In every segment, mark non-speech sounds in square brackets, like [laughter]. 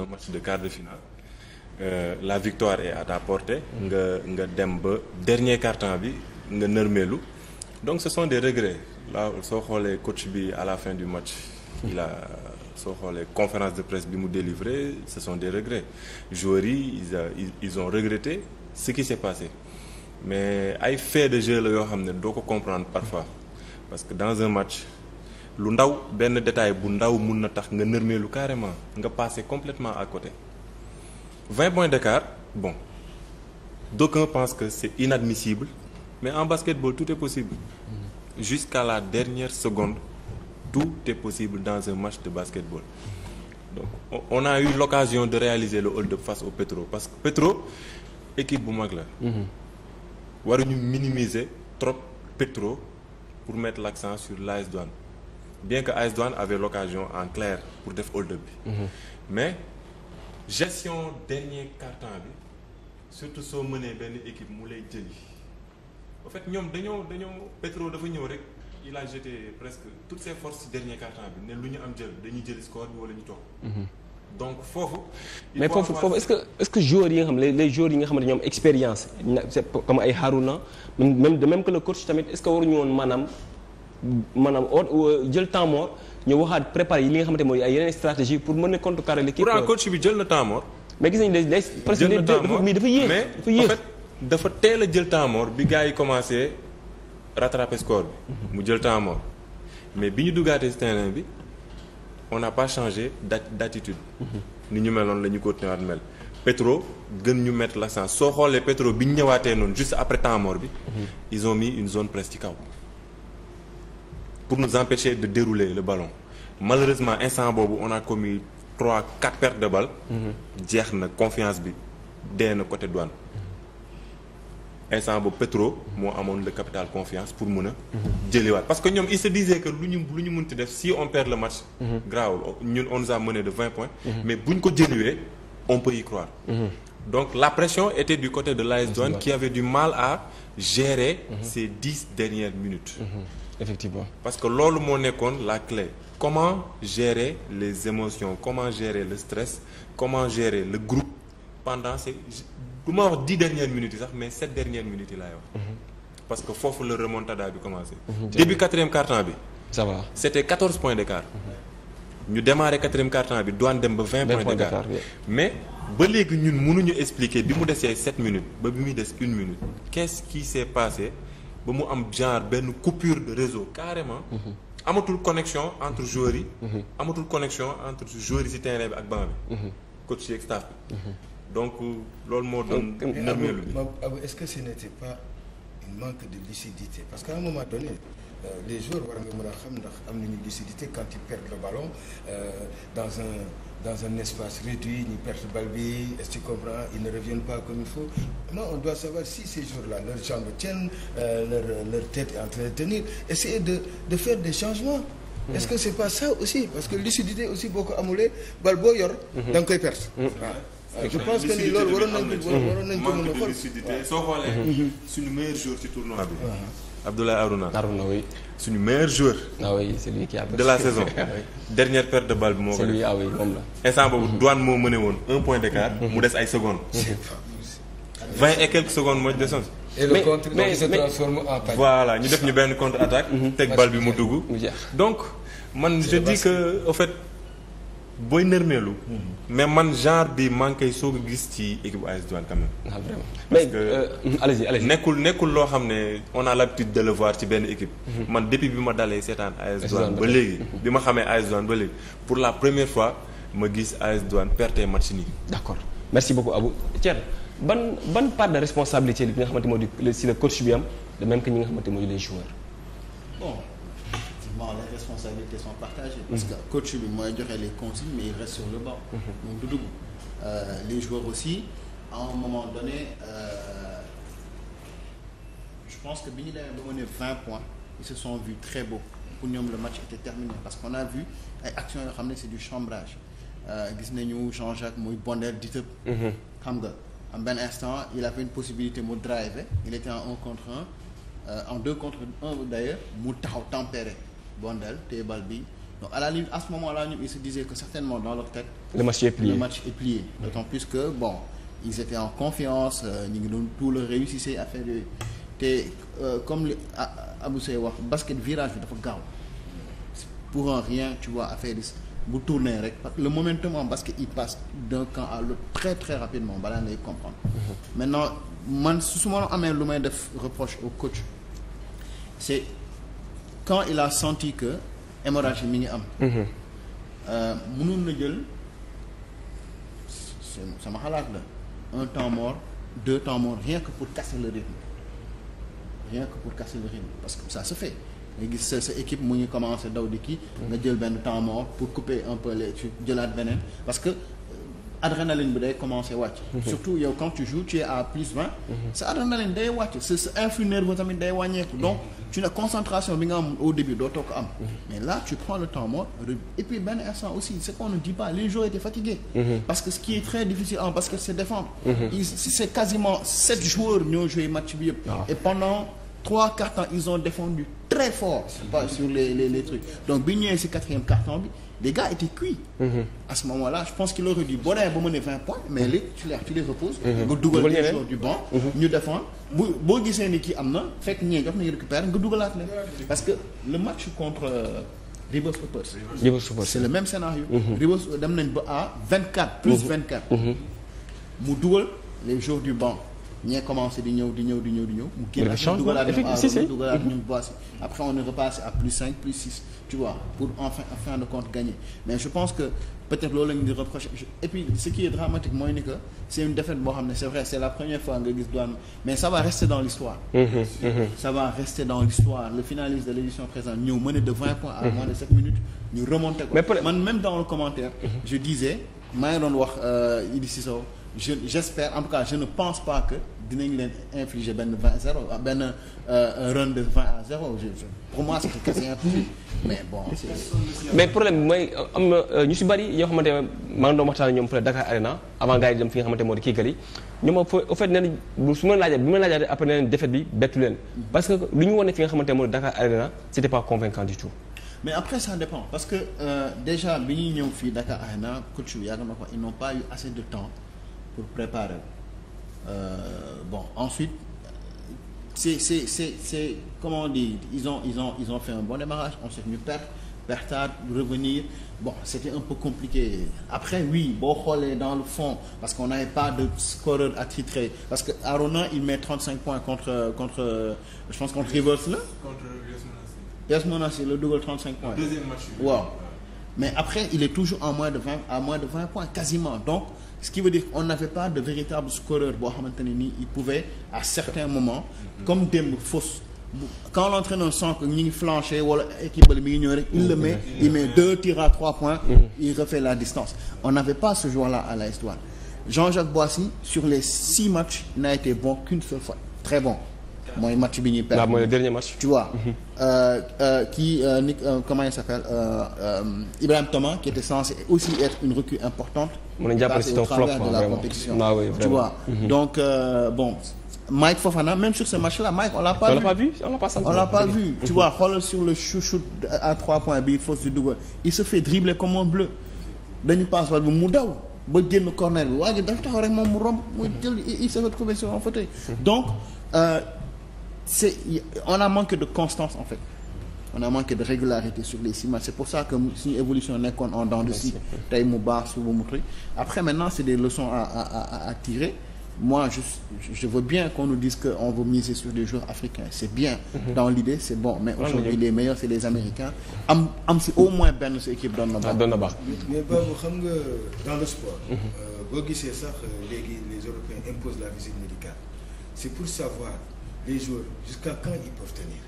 un match de quart de finale euh, la victoire est à ta nga nga dem ba dernier quart-temps bi nga nërmeelu donc ce sont des regrets là soo xoolee coach bi à la fin du match il a soo xoolee conférence de presse bi mu délivré ce sont des regrets joueurs yi ils, ils ont regretté ce qui s'est passé mais ay faits de jeu la yoo xam ne doo ko comprendre parfois parce que dans un match lu ndaw benn détail bu ndaw mun na tax nga lu carrément nga passé complètement à côté 20 points d'écart bon d'aucuns pensent que c'est inadmissible mais en basketball tout est possible jusqu'à la dernière seconde tout est possible dans un match de basketball donc on a eu l'occasion de réaliser la hold-up face au Petro parce que Petro équipe bu mag la mm-hmm. waruñu minimiser trop Petro pour mettre l'accent sur l'AS Douanes bien que AS Douanes avait l'occasion en clair pour def hold-up bi mhm. mais gestion dernier carton bi surtout soo mënee benn équipe mu lay jëli en fait ñoom dañoo dañoo Petro dafa ñëw rek il a jeté presque toutes ses forces dernier carton bi ne lu ñu am jël dañuy jëli score bi wala ñu toog mhm. donc foofu. mais foofu foofu est-ce que est-ce comme ay Haruna même de même que le coach tamit est que waruñu woon maanaam maanaam o euh, jël tamoor ñu waxaat préparé yi li nga xamante mooy ay yeneen stratégie pour mën a contrecarrer l'équipe. pourtant euh, coach bi jël na temps mort. mais gis nañu day day presque day dafa yéex dafa yéex mais en dafa teel a jël temps bi gars yi commencé rattraper score bi. mu jël temps mais bi ñu duggaatee si terrain bi on n'a pas changé d'attitude. ni ñu meloon la ñu continué waat mel. Petro gën ñu la l'accent soo xoolee Petro bi ñu ñëwaatee noonu juste après temps mort bi. ils ont mis une zone presse ci kaw. pour nous empêcher de dérouler la ballon malheureusement instant boobu on a commis trois quatre pertes de balle. jeex na confiance bi dee na côté douane. instant boobu Petro moo amoon le capital confiance pour mun a. jëliwaat parce que ñoom il se disait que lu ñu lu ñu mënti def si on perd le match. grawul ñun on nous a de vingt points. mais buñ ko jëliwee on peut y croire. donc la pression était du côté de l'AS Douanes qui avait du mal à gérer ces dix effectivement parce que loolu moo nekkoon la clé comment gérer les émotions comment gérer le stress comment gérer le groupe pendant ces du ma wax dix dernières minutes yi sax mais sept dernières minutes yi laay wax. Mhm. parce que foofu la remontada bi commencé. Mhm, début quatrième quart-temps bi. ça va c' était quatorze points d' écart. ñu démarré quatrième quart-temps bi doon dem ba vingt points d' écart mais ba léegi ñun munuñu expliquer bi mu desee sept minutes ba bi muy des une minute. qu' est ba mu am genre benn coupure de réseau carrément. Mhm. amatul connexion entre joueurs yi. Mhm. amatul connexion entre joueurs yi ci terrain bi ak banc bi. Mhm. coach yi ak bi. donc loolu moo doon. nërmeelu bi est-ce que ce n'était pas un manque de lucidité parce qu'à un moment donné. Euh, les joueurs war nga mën a xam ndax am nañu lucidité quand ils perdent le ballon euh, dans un dans un espace réduit ñu perte bal est-ce que tu ils ne reviennent pas comme il faut non on doit savoir si ces jours-là euh, leur jambe tiennent leur tête est essayer de faire des changements mm-hmm. est-ce que c'est pas ça aussi parce que lucidité aussi boo ko amulee bal boo yor mm-hmm. da nga mm-hmm. ah, je pense que ni loolu waroon nañ ko waroon nañ ko mën a xool lucidité soo xoolee Abdoulaye Arouna. suñu meilleur joueur. Ah a de la saison. [laughs] Ah dernière perte de balle bi moo ko def. Ah instant boobu douane moo mëne woon un point d'écart. Mhm. mu des ay secondes. [laughs] vingt et quelques secondes moo ci desoon. et le voilà ñu def ñu benn contre attaque. Mhm. teg balle bi mu dugg. donc man je dis que au fait. booy nërmeelu. Mhm. mais man genre bi maa ngi koy soog a gis ci équipe AS Douanes quand même. ah vraiment parce mais, euh, nekkul nekkul loo xam ne on a l'habitude de le voir ci benn équipe. Mhm. man depuis bi ma dalee seetaan AS Douanes ba léegi. Mhm. bi ma xamee AS Douanes ba léegi pour la première fois ma gis AS Douanes perte match nii. d'accord merci beaucoup Abou Thierno ban ban part de responsabilité bi nga xamante moo di si le coach bi am de même que ñi nga xamante mooy les joueurs. bon. bon les responsabilités sont partagées. parce mhm. que coach bi mooy joxe les consignes mais il reste sur le banc. moom du euh, les joueurs aussi à un moment donné euh, je pense que bi ñu demee ba mu ne vingt points ils se sont vus très beaux pour ñoom le match était terminé parce qu'on a vu ay actions yoo xam ne c'est du chambrage euh, gis nañu Jean-Jacques muy bondeel di tëb. Mhm. xam nga en benn instant il avait une possibilité mu drive il était en un contre un. en deux contre mu taxaw tempéré Bondel téye bal bi donc à la limite à ce moment-là ñu ils se disaient que certainement dans le match est plié le match est plus que bon ils étaient en confiance euh, ñu ngi doon tout le réussissé affaire faire te euh, comme li a Seye wax basket virage dafa gaaw pour un rien tu vois affaire yi bu tourner rek parce que le momentum en basket il passe d'un camp à l'autre très très rapidement balaa ngay comprendre. Mhm. maintenant man su ma amee lu may def reproche au coach quand il a senti que hémorragie mi ngi am. Mhm. Euh, mënoon na jël sama xalaat la un temps mort deux temps rien que pour casser le rythme rien que pour casser le parce que ça se fait nga gis sa sa équipe mu ngi commencé daw di kii. nga jël benn temps pour couper un peu jëlaat beneen parce que. adrénaline bi day commencer wàcc mhm. surtout yow quand tu joues tu es à plus vingt mhm. sa adrénaline day wàcc sa sa influx nerveux tamit mhm. donc tu ne concentration bi am au début doo toog am mais là tu prends le temps mort et puis benn instant aussi ce qu'on ne dit pas les joueurs étaient fatigués parce que ce qui est très difficile en basket c'est défendre c'est quasiment sept joueurs ñoo joué match bi ah. et pendant trois cartons ils les gars étaient cuits. Mhm. à ce moment-là je pense qu'il aurait dû boo demee ba mu ne points mais mhm. les titulaires tu les mhm. nga dugal les joueurs du banc. ñu défendre bu boo gisee ni kii am na fekk ñee jox nañu récupérer nga parce que le match contre euh, Rivers Hoopers. c'est le même scénario. Rivers dem na ba à 24 plus 24. mu dugal les joueurs du banc. ñee commencé di ñëw di ñëw di ñëw di ñëw. mu génn si dugalaat ñoom aarul dugalaat ñoom boissé. après on est repassé à plus 5 plus 6 tu vois pour enfin en fin de compte gagner mais je pense que peut-être loolu la ñu di reproché et puis ce qui est dramatique mooy ni que c'est une défaite boo xam ne c'est vrai c'est la première fois nga gis douane mais ça va rester dans l'histoire mm-hmm, mm-hmm. ça va rester dans l'histoire le finaliste de l'édition présente ñëw mené de 20 points à mm-hmm. moins de 7 minutes ñu remonté ko man même dans le commentaire je disais maa ngi doon wax euh, Idi Cissokho je j'espère en tout cas je ne pense pas que dinañ leen infliger benn vingt zéro ah, benn euh, run de vingt à zéro pour moi bon. mais problème mooy am na euh, ñu si bari yoo xamante ne maa ngi doon waxtaan ñoom peut-être Dakar Arena avant gars yi dem fi nga xamante moo di Kigali ñoom au fait nee su ma laajee bi ma laajaatee après nee nañ défaite bi bettu leen parce que lu ñu wane fi nga xamante moo di Dakar Arena c'était pas convaincant du tout. mais après ça dépend parce que euh, déjà bi ñuy ñëw fii Dakar Arena coach yàgg na ko ils n'ont de temps pour Euh, bon ensuite c'est c'est c'est c'est comment on dit ils ont ils ont ils ont fait un bon démarrage ensuite ñu perdre perdre revenir bon c'était un peu boo xoolee dans le fond parce qu'on n'avait pas de scoreur attitré parce que Arona il met 35 points contre contre je pense contre Rivers là contre Yves Monassi le double 35 points deuxième match waaw mais de 20 à moins de 20 points ce qui veut dire qu'on n'avait pas de véritable scoreur boo xamante ne nii il pouvait à certains moments comme démb fausse quand l'entraîneur sent que ñi ngi flanché wala équipe le mi ngi ñëw rek il le mm-hmm. met il deux tirs à trois points mm-hmm. il refait la distance on n'avait pas ce joueur-là à l'AS Douanes Jean-Jacques Boissy sur les six matchs n'a été bon qu'une seule fois très bon mooy match bi ñuy perdre. waaw mooy tu vois kii mm -hmm. euh, euh, euh, Nick euh, comment il s'appelle euh, euh, Ibrahim Thomas qui était censé aussi être une recrue importante. mën nañu jàppale c'est un de la compétition tu vois mhm. donc bon. Mike Fofana même sur ce match-là Mike on l'a pas, vu on l'a pas senti on l'a pas vu tu mhm. vois xoolal sur le chouchoute à trois points bi fausse du dugal il se fait dribbler comme un bleu dañu passe wal bi mu daw ba génn corner bi waa ji dafa taxaw rek moom mu romb mu jël il se c'est on a manqué de constance en fait on a manqué de régularité sur les six c'est pour ça que suñu évolution nekkoon en dents de scie tey mu baax suba mu après maintenant c'est des leçons à à à tirer moi je je veux bien qu'on nous dise que on veut miser sur des joueurs africains c'est bien mhm. dans l'idée c'est bon mais aujourd'hui les meilleurs c'est les américains am si au moins benn équipe ah, xam nga dans le sport mhm. euh, boo gisee sax euh, léegi les européens imposent les joueurs jusqu'à quand ils peuvent tenir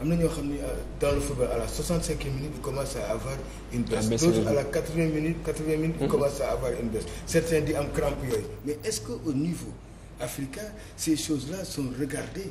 am na ñoo xam ne euh, dans le football à la soixante cinquième minute ils commencent à avoir une ah, baisse d'autres à la quatre vingt minutes quatre minutes ils mm-hmm. commencent à avoir une baisse certains di am crampe yooyu est-ce que au niveau africain ces choses-là sont regardées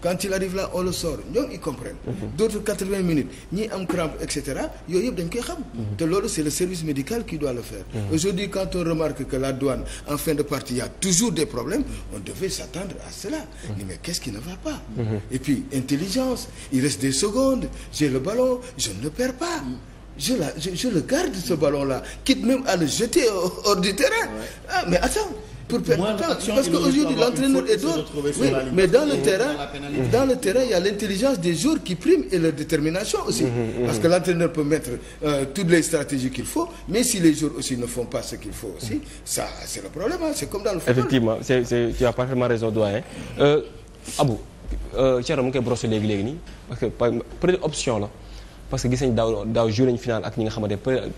quand il arrive là on le sort ñoom ils comprennent mhm. d' autres quatre-vingts minutes ñi am crampe et cetera yooyu yëpp dañ koy xam mhm. c' est le service médical qui doit le faire mhm. aujourd'hui quand on remarque que la douane en fin de partie y a toujours des problèmes on devait s'attendre à cela ni mais qu'est-ce qui ne va pas et puis intelligence il reste des secondes j'ai le ballon je ne le perds pas je la je, je le garde ce ballon là quitte même à le jeter hors ah, mais attends pour perdre parce que aujourd'hui l'entraîneur est dehors oui, mais dans le terrain dans le terrain il y a l'intelligence des joueurs qui prime et leur détermination aussi mm-hmm, mm-hmm. parce que l'entraîneur peut mettre euh, toutes les stratégies qu'il faut mais si les joueurs aussi ne font pas ce qu'il faut aussi mm-hmm. c'est le problème c'est comme dans le football effectivement c'est c'est tu as parfaitement raison doyen euh, Abou euh, Thierno léegi léegi nii parce que peut option la parce que gis nañ daaw daaw joué final ak ñi nga xamante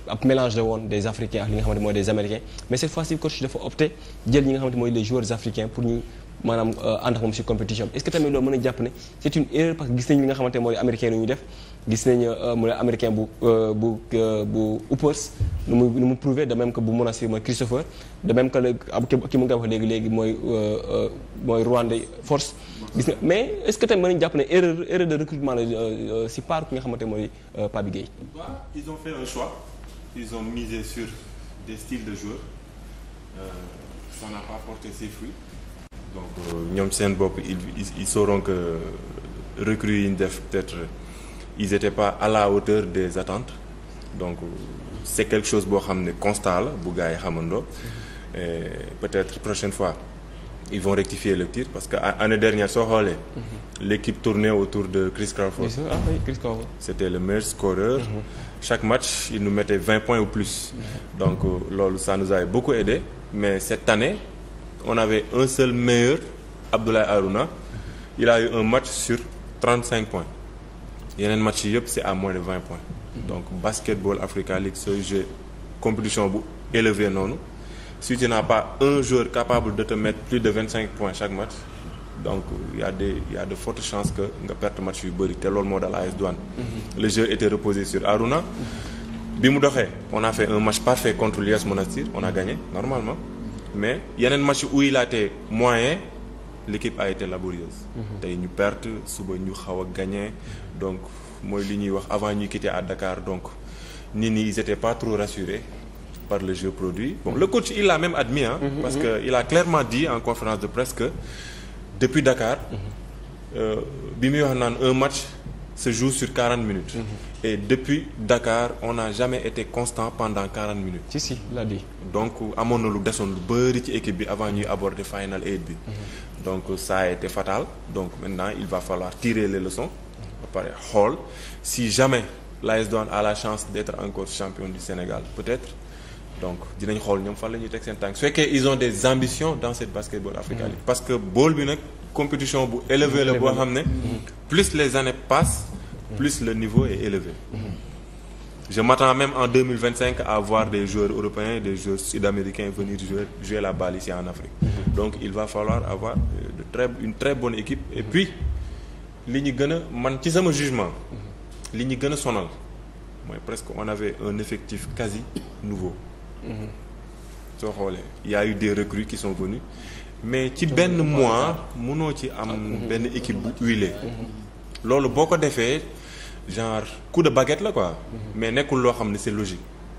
ab mélange la woon des africains ak li nga xamante mooy des américains mais cette fois ci coach dafa opté jël ñi nga xamante mooy les joueurs africains pour ñu maanaam euh, ànd ak moom ci compétition est ce que tamit loolu mën a jàpp ne c' est une erreur parce que gis nañ li nga xamante mooy américains yi ñu def gis nañu euh, mu ne américain bu euh, bu euh, bu Uppers nu mu nu mu prouvé de même que bu Monastir mooy Christopher de même que ki mu nga léegi mooy mooy Rwanda force gis nga mais est ce que tamit mën nañu jàpp ne erreur de recrutement la si part ki nga xamante mooy Pape Gueye ils ont fait un choix ils ont misé sur des styles de joueurs euh, ça n'a pas porté ses fruits donc ñoom seen bopp ils ils sauront que yi ñu def peut ils étaient pas à la hauteur des attentes donc c'est quelque chose boo xam ne constat la bu gars yi xamandoo peut-être prochaine fois ils vont rectifier le tir parce que année dernière soo xoolee. l'équipe tournait autour de Chris Crawford. ah oui Chris c'était le meilleur scoreur. Mm-hmm. chaque match il nous mettait vingt points ou plus. Mm-hmm. donc euh, loolu ça nous a beaucoup aidé mais cette année on avait un seul meilleur Abdoulaye Arouna il a eu un match sur trente cinq points. yeneen match yi yëpp c'est à moins de vingt points donc basketball Africa League sooy jeu compétition bu élevé noonu si na n'as pas un joueur capable de te mettre plus de vingt cinq points chaque match donc y a des de fortes chances que nga perte match yu bëri te loolu moo dal AS Douanes mm-hmm. le jeu était reposé sur Aruna mm-hmm. bi mu doxee on a fait un match parfait contre l'US Monastir on a gagné normalement mais yeneen match où il a été moyen l'équipe a été laborieuse. Mhm. tey ñu perte suba ñu xaw a gagné donc mooy li ñuy wax avant ñuy quitter à Dakar donc nit ñi ils étaient pas trop rassurés par le jeu produit bon le coach il l'a même admis hein, mhm. parce mhm. que il a clairement dit en conférence de presse que depuis Dakar euh, bi muy wax naan un match se jour sur 40 minutes. Mmh. Et depuis Dakar, on n'a jamais été constant pendant 40 minutes. Si, si, l'a dit. Donc, amoon na lu desoon lu bëri ci équipe bi avant ñuy aborder final eight bi. Mhm. Donc, ça a été fatal. Donc, maintenant, il va falloir tirer les leçons. ba pare xool si jamais l'AS Douanes a la chance d'être encore champion du Sénégal, peut-être. donc dinañ xool ñoom fan la ñuy teg seen tànk su fekkee ils ont des ambitions dans cette Basketball Africa mhm. League. parce que bool bi nag. compétition bu élevé la boo xam ne mm-hmm. plus les années passent mm-hmm. plus le niveau est élevé mm-hmm. je m'attends même en 2025 à voir des joueurs européens des joueurs sud-américains venir jouer jouer la balle ici en Afrique donc il va falloir avoir euh, une très bonne équipe et puis li ñu gën a man ci sama jugement li ñu gën a sonal mooy presque on avait un effectif quasi nouveau soo xoolee y a eu des recrues qui sont venus mais ci benn mois munoo ci am benn équipe bu huilée loolu boo ko defee genre coup de baguette la quoi mais nekkul loo xam ne c'est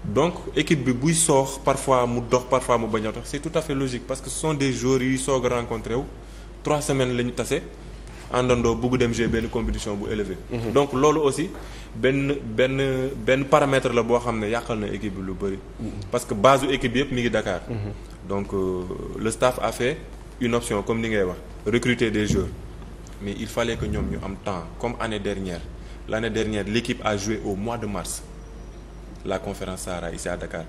donc équipe bi buy soox parfois mu dox parfois mu bañ a dox c'est tout à fait logique parce que son sont des joueurs yuy soog a rencontré wu trois semaines la ñu tase àndandoo bugg dem jouer benn compétition bu élevé mhm. donc loolu aussi benn benn benn paramètre la boo xam ne yàqal na équipe bi lu bëri mhm. parce que base u équipe bi yëpp mi ngi dakaar mhm. donc euh, le staff a fait une option comme ni ngay wax recruter des jours mais il fallait que ñoom ñu am temps comme année dernière l'année dernière l'équipe a joué au mois de mars la conférence Sahara ici à Dakar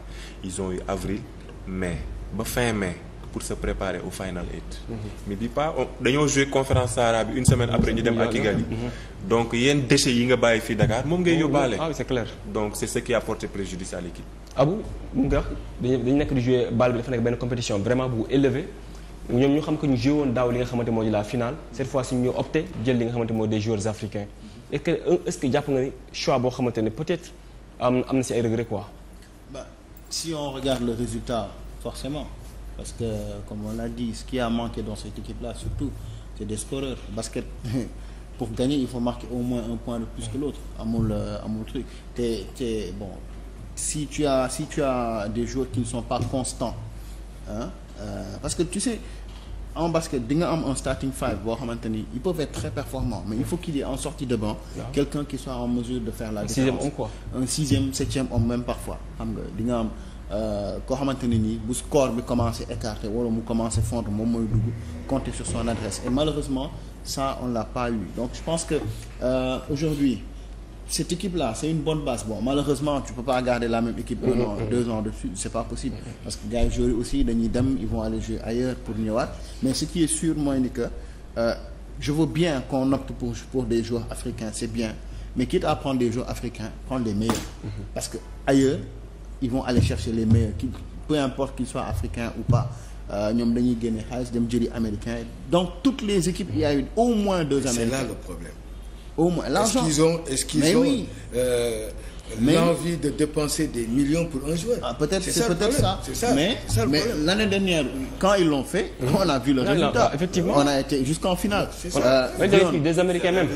ils ont eu avril mai ba fin mai pour se préparer au final eight. Mhm. mais bi pas dañoo jouer conférence Sahara bi une semaine après ñu dem à Kigali. Mhm. donc yenn déchets yi nga bàyyi fii Dakar moom ngay oh, yóbbaale. Ah a porté préjudice à l'équipe. Ah nekk di jouer bal bi dafa nekk benn compétition vraiment bu élevé ñoom ñu xam que ñu joué woon daaw li nga xamante moo di la finale cette fois ci ñu euh, ne peut-être am am na si ay regret quoi. si on regarde le résultat forcément. Parce que, comme on l'a dit, ce qui a manqué dans cette équipe-là, surtout, c'est des scoreurs. Basket, [laughs] pour gagner, il faut marquer au moins un point de plus que l'autre, à mon, truc. T'es, bon, si, tu as, des joueurs qui ne sont pas constants, hein, euh, parce que tu sais, en basket, en starting five, ils peuvent être très performants, mais il faut qu'il y ait en sortie de banc quelqu'un qui soit en mesure de faire la différence. Un sixième homme quoi Un sixième, septième homme même parfois. Euh, koo xamante ni nii bu score bi commencé écarté wala mu commencé fondre moom mooy dugg compter sur son adresse et malheureusement ça on l'a pas eu donc je pense que euh, aujourd'hui cette équipe là c'est une bonne base bon malheureusement tu peux pas garder la même équipe un an de suite c'est pas possible parce que gars yi joueurs yi aussi ils vont aller jouer ailleurs pour ñëwaat mais ce qui est sûr mooy ni que euh, je veux bien qu'on opte pour pour des joueurs africains c'est bien mais quitte à prendre des parce que ils vont aller chercher les meilleurs qui peu importe qu'ils soient africains ou pas euh, ñoom dañuy dem jëli américain donc toutes les équipes il y a eu au moins deux américains c'est là le problème au moins euh, de dépenser des millions pour un joueur ah, peut-être c'est peut-être ça. ça mais ça, mais l'année dernière quand ils l'ont fait on a vu le résultat on a été jusqu'en finale voilà euh, américains même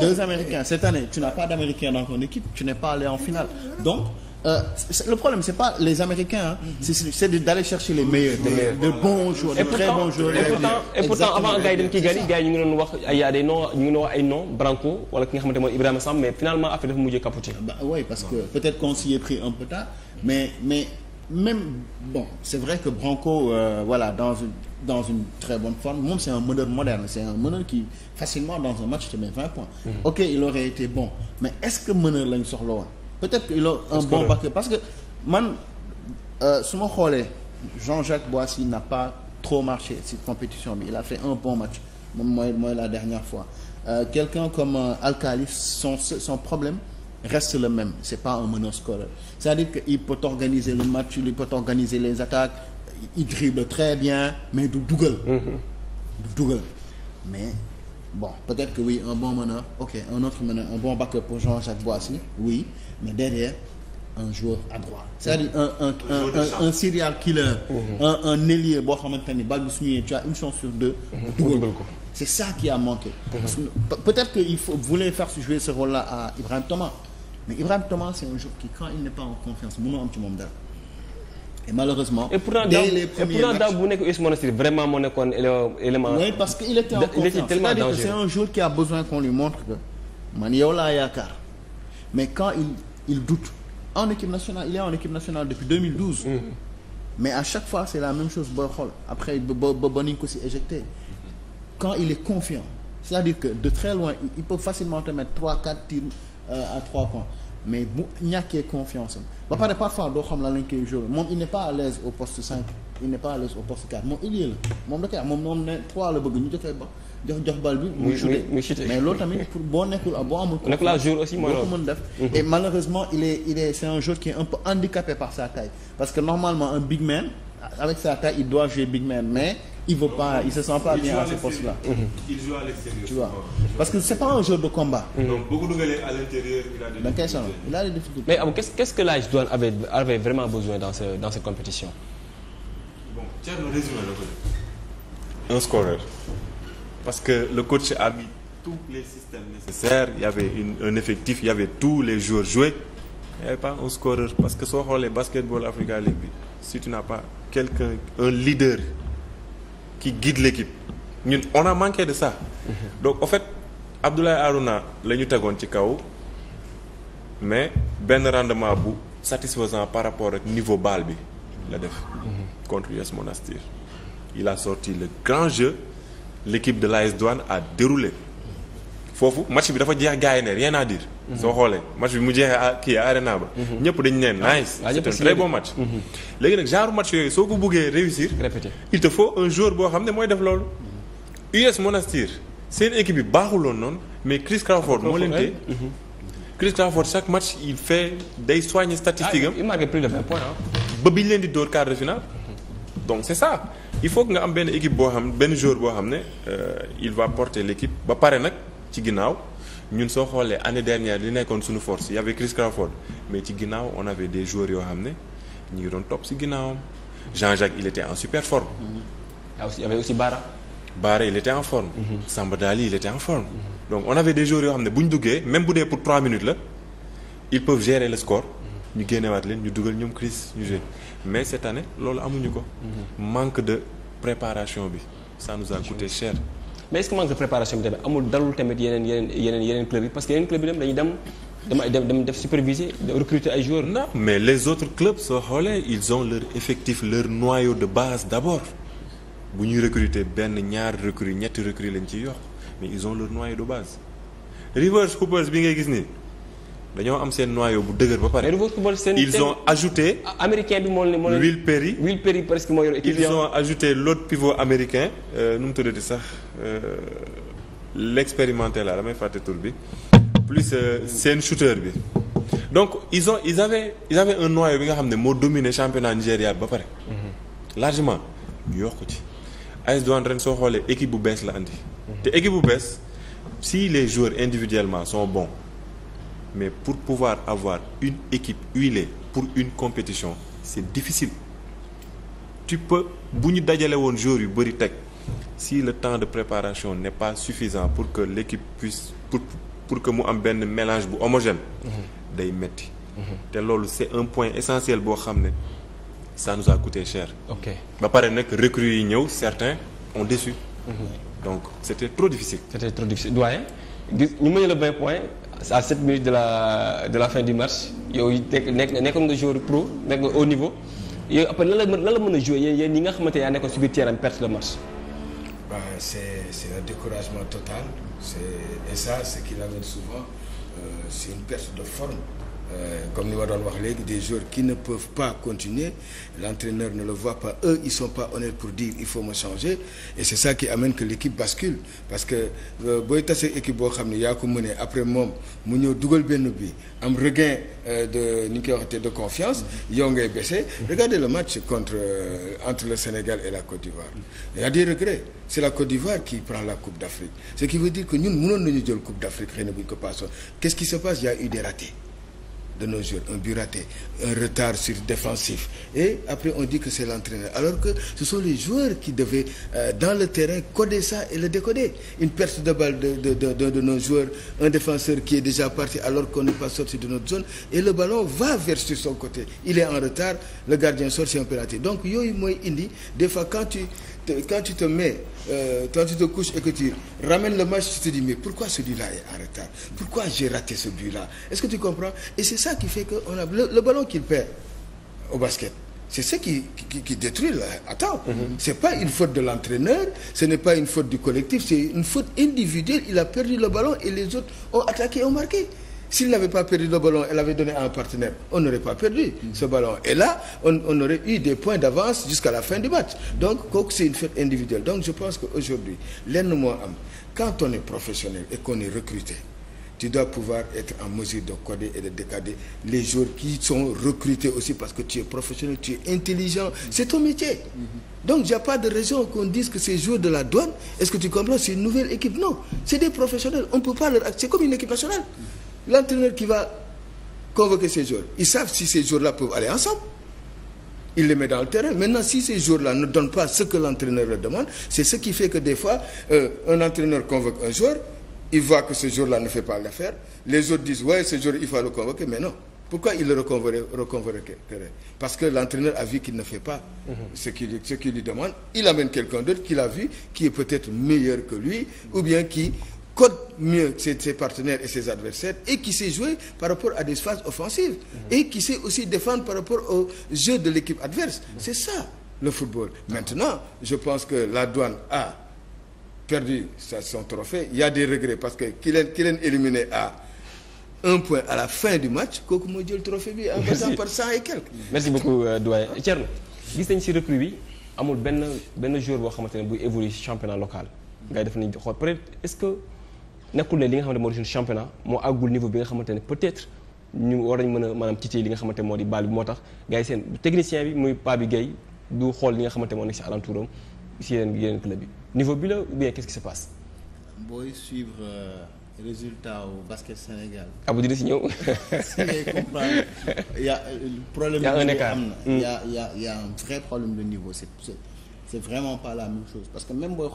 deux américains cette année tu n'as pas d'américain dans ton équipe tu n'es pas allé en finale donc Euh, le problème c'est pas les Américains hein. Mhm. c'est c'est d'aller chercher les meilleurs de bons joueurs de et pourtant avant gars yi dañ ciy gagné gars yi wax a des noms ñu ngi doon wax ay noms Branco wala ki nga xamante mooy Ibrahima Samb mais finalement affaire dafa mujjee capoté ah bah oui parce que peut-être qu'on s'y est pris un peu tard mais mais même bon c'est vrai que Branco euh, dans une très bonne forme moom c'est un meneur moderne c'est un meneur qui facilement dans un match te mhm. mais est-ce que lañ soxla peut-être qu'il a un bon bac parce que man euh, su ma xoolee Jean-Jacques Boissy n'a pas trop marché cette compétition bi il a fait un bon match moom mooy la dernière fois euh, quelqu'un comme euh, son son problème reste le même c'est pas un meneur scoreur c'est-à-dire que il peut organiser le match il peut organiser les attaques il dribble très bien mais mm-hmm. du dugal mais bon peut-être que oui un bon meneur ok un autre meneur un bon backup pour Jean-Jacques Boissy oui mais derrière un joueur adroit c'est-à-dire un un killer. Mm-hmm. un un ailier boo xamante ni bal bi su ñëwee tu as une chance sur deux. dugal mm-hmm. ko c'est ça qui a manqué. Mm-hmm. parce que peut-être que il faut voulait faire jouer ce rôle-là à Ibrahima Thomas mais Ibrahima Thomas c'est un joueur quand il n'est pas en confiance mënoo am ci et malheureusement. et pourtant daaw Monastir vraiment moo nekkoon élément. oui parce que était en confiance cest un joueur qui a besoin qu'on lui montre que man il doute en équipe nationale il est en équipe nationale depuis 2012. Mm. mais à chaque fois c'est la même chose booy xool après ba ba ko si éjecté quand il est confiant c'est-à-dire que de très loin il peut facilement te mettre trois quatre tirs euh, à trois points mais bu ñàkkee confiance am ba pare parfois doo xam lan lañ koy jouer moom il n'est pas à l'aise au poste cinq. il n'est pas à au poste 4 moom il est la moom da koy ne 3 la bëgg ñu joxe ba jox mais loolu tamit pour boo nekkul boo amul. nekk jour aussi mooy loolu def. Mhm. et malheureusement il est c'est un joueur qui un peu handicapé par sa taille parce que normalement un big man avec sa taille il doit jouer big man mais. il se sent pas bien à ce poste là. parce que c'est pas un jeu de combat. donc a qu'est-ce que l'AS Douanes avait vraiment besoin dans cette compétition. Thierno résumé la ko. un scoreur parce que le coach a mis tous les systèmes nécessaires y avait un effectif il y avait tous les joueurs joués il n'y avait pas un scoreur parce que soo xoolee basketball Africa League bi si tu n'as pas quelqu'un un leader qui guide l'équipe ñun on a manqué de ça donc au fait Abdoulaye Arouna la ñu tegoon ci kaw mais benn rendement bu satisfaisant par rapport ak niveau baal bi la def contre US Monastir. Il a sorti le grand jeu l'équipe de l'AS Douane a déroulé foofu match bi dafa jeex gars ne rien à dire. Mhm. soo xoolee match bi mu jeexee à kii arena ba. Mhm. ñëpp dañu ne ah, nice. c'est un très mhm. soo ko buggee réussir. répété boo xam ne mooy def loolu. US Monastir seen équipe bi baaxuloon noonu mais Chris Crawford moo leen téye. Chris Crawford chaque match il fait day soigner ah, statistique am. il ba biñ leen di dóor quart de finale. donc c'est ça il faut nga am benn équipe boo xam benn joueur boo xam ne euh, il va porter l'équipe ba pare nag ci ginnaaw ñun soo xoolee année dernière li nekkoon suñu force y avait Chris Crawford mais ci ginnaaw on avait des joueurs yoo xam ne ñu ngi doon topp si ginnaawam Jean-Jacques il était en super forme. y mm-hmm. ah, aussi y en forme. Mm-hmm. Samba Dali il était en forme. Mm-hmm. donc on des joueurs yoo xam ne bu ñu duggee même bu dee pour trois minutes la ils peuvent gérer le score. ñu génnewaat leen ñu dugal ñoom Chris ñu joué mais cette année loolu amuñu ko. Mhm. manque de préparation bi. ça nous a coûté cher. mais est-ce que manque de préparation bi tamit amul dalul tamit yeneen yeneen yeneen yeneen club yi parce que yeneen club yi dem dañuy dem dem dem def superviser recruter ay joueurs. non mais les autres clubs soo xoolee ils ont leur effectif leur noyau de base d'abord bu ñuy recruter benn ñaar recrues ñetti recrues lañ ciy yokk mais ils ont leur noyau de base. Rivers Coopers bi ngay gis nii. dañoo am seen noyau bu dëgër ba pare. seen ils ont ajouté. américain bi moo leen moo leen Will Perry. Will Perry presque moo yor équipe. ils pivot américain euh, nu mu tuddati sax euh, l'expérimenté là damay fàtte tur bi plus euh, seen shooter bi donc ils ont ils avaient ils avaient un noyau bi nga xam ne moo dominé championnat Nigéria ba pare. Mhm. largement ñu yokk ci. AS Douanes ren soo xoolee équipe bu bees la andi. Mhm. te équipe bu bees si les joueurs individuellement sont bons. mais pour pouvoir avoir une équipe huilée pour une compétition c'est difficile tu bu ñu dajale woon joueurs yu bëri teg si le temps de préparation ne pas suffisant pour que l'équipe puisse pour pour que mu am benn mélange bu homogène mhm. day metti mhm. te loolu c'est un point essentiel boo xam ne ça nous a coûté cher ba pare nag recrues yi ñëw certains ont déçu mhm. donc c'était trop difficile c'était trop difficile doyen gis ñu mëne la vingt points à sept minutes de la de la fin du match yow nekk nekkoon nga joueur pro nekk nga haut niveau yow après lan man mën lan la mën a joué yéen yéen nga xamante yaa nekkoon si biir terrain perte le match. waaw c'est c'est un découragement total c'est et ça ce qui l'amène souvent euh, c'est une perte de forme. Euh, comme ni ma doon wax léegi des joueurs qui ne peuvent pas continuer l'entraîneur ne le voit pas eux ils sont pas honnêtes pour dire il faut me changer et c'est ça qui amène que l'équipe bascule parce que euh, booy tase équipe boo xam ni yaa ko mënee après moom mu ñëw dugal benn bi am regain euh, de ni ñu koy waxatee de confiance yow ngay baissé regardez le match contre entre le Sénégal et la Côte d'Ivoire il des regrets c'est la Côte d'Ivoire qui prend la Coupe ñun mënoon nañu na ñu ko passoon qu'est-ce qui se passe il a eu de nos joueurs un but raté un retard sur défensif et après on dit que c'est l'entraîneur alors que ce sont les joueurs qui devaient euh, dans le terrain coder ça et le décoder une perte de balle de de de, de, de nos joueurs un défenseur qui est déjà parti alors qu'on n'est pas sorti de notre zone et le ballon va vers sur son côté il est en retard le gardien sort c'est un peu raté donc yooyu mooy indi des fois quand tu quand tu te mets euh, quand tu te couches et que tu ramènes le match, tu te dis mais pourquoi celui-là est en retard? Pourquoi j'ai raté ce but-là? Est-ce que tu comprends? Et c'est ça qui fait que on a le, le ballon qu'il perd au basket. C'est ce qui qui qui détruit là. Attends, mm -hmm. c'est pas une faute de l'entraîneur, ce n'est pas une faute du collectif, c'est une faute individuelle, il a perdu le ballon et les autres ont attaqué et ont marqué. s'il n'avait pas perdu le ballon et l'avait donné à un partenaire on n'aurait pas perdu ce ballon et là on, on aurait eu des points d'avance jusqu'à la fin du match donc kooku c'est une fête donc je pense que aujourd'hui lenn moo am quand on est professionnel et qu'on est recruté tu dois pouvoir être en mesure de coder et de décoder les joueurs qui sont recrutés aussi parce que tu es professionnel, tu es intelligent, mmh. c'est ton métier. Mmh. Donc il n'y a pas de l'entraîneur qui va convoquer ces joueurs ils savent si ces joueurs-là peuvent aller ensemble il les met dans le terrain maintenant si ces joueurs-là ne donnent pas ce que l'entraîneur leur demande c'est ce qui fait que des fois euh, un entraîneur convoque un joueur il voit que ce joueur-là ne fait pas l'affaire les autres disent ouais ce joueur il faut le convoquer mais non pourquoi il le reconvoquerait parce que l'entraîneur a vu qu'il ne fait pas mhm. ce qui code mieux ses, ses partenaires et ses adversaires et qui sait jouer par rapport à des phases offensives mm-hmm. et qui sait aussi défendre par rapport au jeu de l'équipe adverse. Mmh. C'est ça le football. Maintenant, je pense que la douane a perdu son trophée. Il y a des regrets parce que Kylian, Kylian éliminé à un point à la fin du match kooku moo jël trophée bi en passant par cent et quelques. merci beaucoup euh, doyen Thierno gis nañ ci recrue bi amul benn benn joueur boo xamante ne buy évoluer ci local. nekkul ne li nga xamante moo di suñu championnat moo àggul niveau bi nga xamante ne peut-être ñu war nañ mën a maanaam titee li nga xamante moo di baal bi moo tax gars yi seen technicien bi muy Pape Gueye du xool li nga xamante moo nekk si alentour am si yeneen club bi niveau bi la ou bien qu'est-ce qui se passe. booy suivre euh, résultat wu basket Sénégal. Abou ah, dina si ñëw. si ngay comprendre y' a euh, problème. yaa am na mm. y' a y' a y' a un vrai problème de niveau c'est c'est vraiment pas la même chose parce que même booy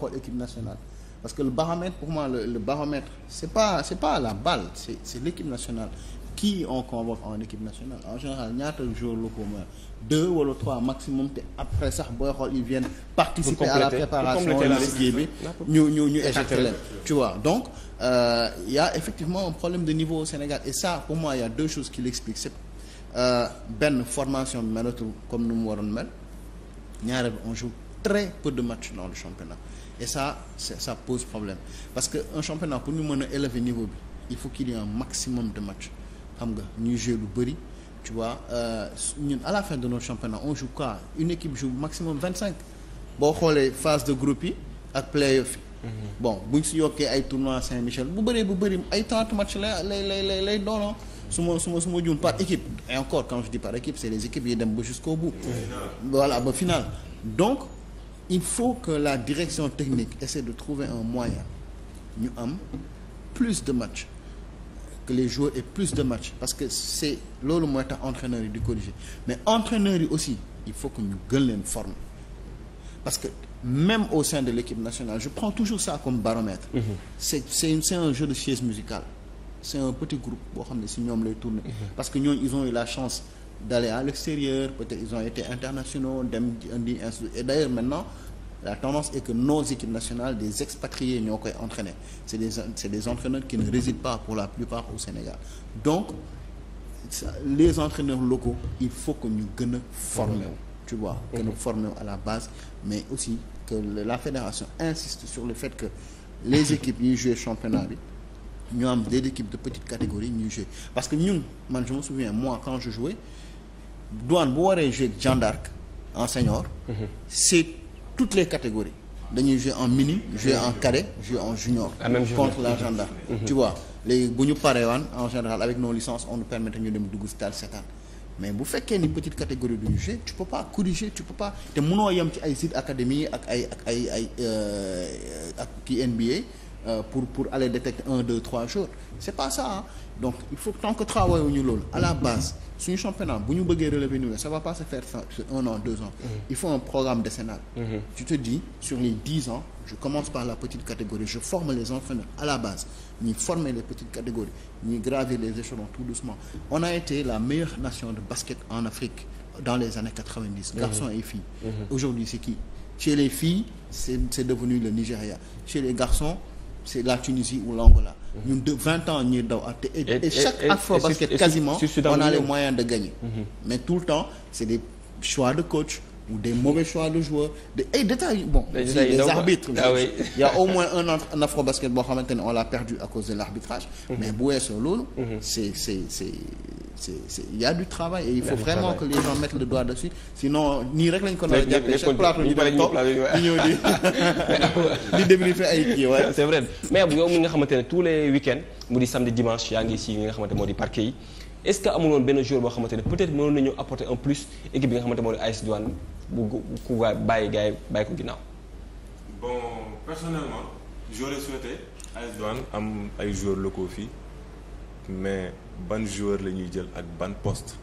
parce que le baromètre pour moi le, le baromètre c'est pas c'est pas la balle c'est l'équipe nationale qui on convoque en équipe nationale en général ñaata jours locaux mooy deux wala trois maximum te après sax booy xool ils viennent participer à la préparation kii bi ñu ñu ñu écarter leen donc euh, y a effectivement un problème de niveau au Sénégal et ça pour moi y a deux choses qui l'expliquent c'est euh, benn formation bi melatul comme ni mu waroon mel ñaareel on joue très peu de matchs dans le et ça ça pose problème parce que un championnat pour ñu mën a élever niveau bi il faut qu'il y ait un maximum de matchs xam nga ñuy jouer lu bëri tu vois euh, ñun à la fin de notre championnat on joue quoi une équipe joue maximum vingt cinq boo xoolee phase de groupe yi ak play yi mm-hmm. bon buñ si yokkee ay tournoi Saint-Michel bu bëree bu bëri ay trente match la lay lay lay lay ah. su ma su ma su ma juum par équipe et encore quand je par équipe c'est les équipes yi dem ba jusqu'au bout voilà ba finale donc il faut que la direction technique essaie de trouver un moyen ñu am plus de matchs que les joueurs aient plus de matchs parce que c'est loolu mooy tax entraîneurs yi di corriger mais entraîneurs yi aussi il faut que ñu gën leen former parce que même au sein de l'équipe nationale je prends toujours ça comme baromètre mm -hmm. c'est c'est c'est un jeu de chaise musicale c'est un petit groupe boo xam ne si ñoom lay tourner mhm. parce que ñooñu ils ont eu la chance d'aller à l'extérieur peut-être ils ont été internationaux dem indi institut et d'ailleurs maintenant la tendance est que nos équipes nationales des expatriés ñoo koy entraîner c'est des c'est des entraîneurs qui ne résident pas pour la plupart au Sénégal donc les entraîneurs locaux il faut que ñu gën a former wu tu vois gën former à la base mais aussi que la fédération insiste sur le fait que les équipes ñuy jouer championnat bi ñu am des équipes de petite catégorie ñuy jouer parce que ñun man je me souviens moi quand je douane bu waree jouer Jeanne d'Arc en senior. c'est toutes les catégories dañuy jouer en mini jouer en cadet jouer en junior. contre la Jeanne d'Arc mhm. tu vois léegi bu ñu pareewaan en général avec nos licences on nous permet ñu dem dugg stade seetaan mais bu fekkee ni petite catégorie du ñu jouer tu peux pas corriger tu peux pas te mënoo yem ci ay site académie ak ay ak ay ay euh, ak kii NBA. Euh, pour pour aller détecter un deux trois jours c'est pas ça donc il faut tant que travaillewuñu loolu à la base suñu championnat bu ñu bëggee relever niveau ça va pas faire un an deux ans mm-hmm. il faut un programme décennal mm-hmm. tu te dis sur les dix ans je commence par la petite catégorie je forme les entraîneurs à la base ñuy former les petites catégories ñuy gravir les échelons tout doucement on a été la meilleure nation de basket en Afrique dans les années mm-hmm. garçons et c'est la Tunisie ou l'Angola. vingt ans ñuy daw ak et chaque Afrobasket quasiment on a les moyens de gagner. Mhm. mais tout le temps c'est des choix de coach ou des mauvais choix de joueurs de ay détails ah il y a au moins un un Afrobasket boo xamante on l'a perdu à cause de l'arbitrage mhm. mais bu weesoo loolu. Mhm. c'est c'est c'est c'est il y a du travail et il faut vraiment que les gens mettent le doigt dessus sinon nii rek lañ ko nar jàppee chaque plateau ñu dem toog [laughs] ñëw di [laughs] di débriefer ay kii waaye mais yow mi nga xamante ne tous les week-ends mu di samedi dimanche yaa ngi si yi nga xamante moo di parquet yi est que amul benn jour boo xamante ne peut moo di AS Douanes bu ku gaay bàyyi gaay bàyyi ko ginnaaw bon personnellement j'aurais souhaité AS Douanes am ay joueurs locaux fii mais ban joueur la ñuy jël ak ban post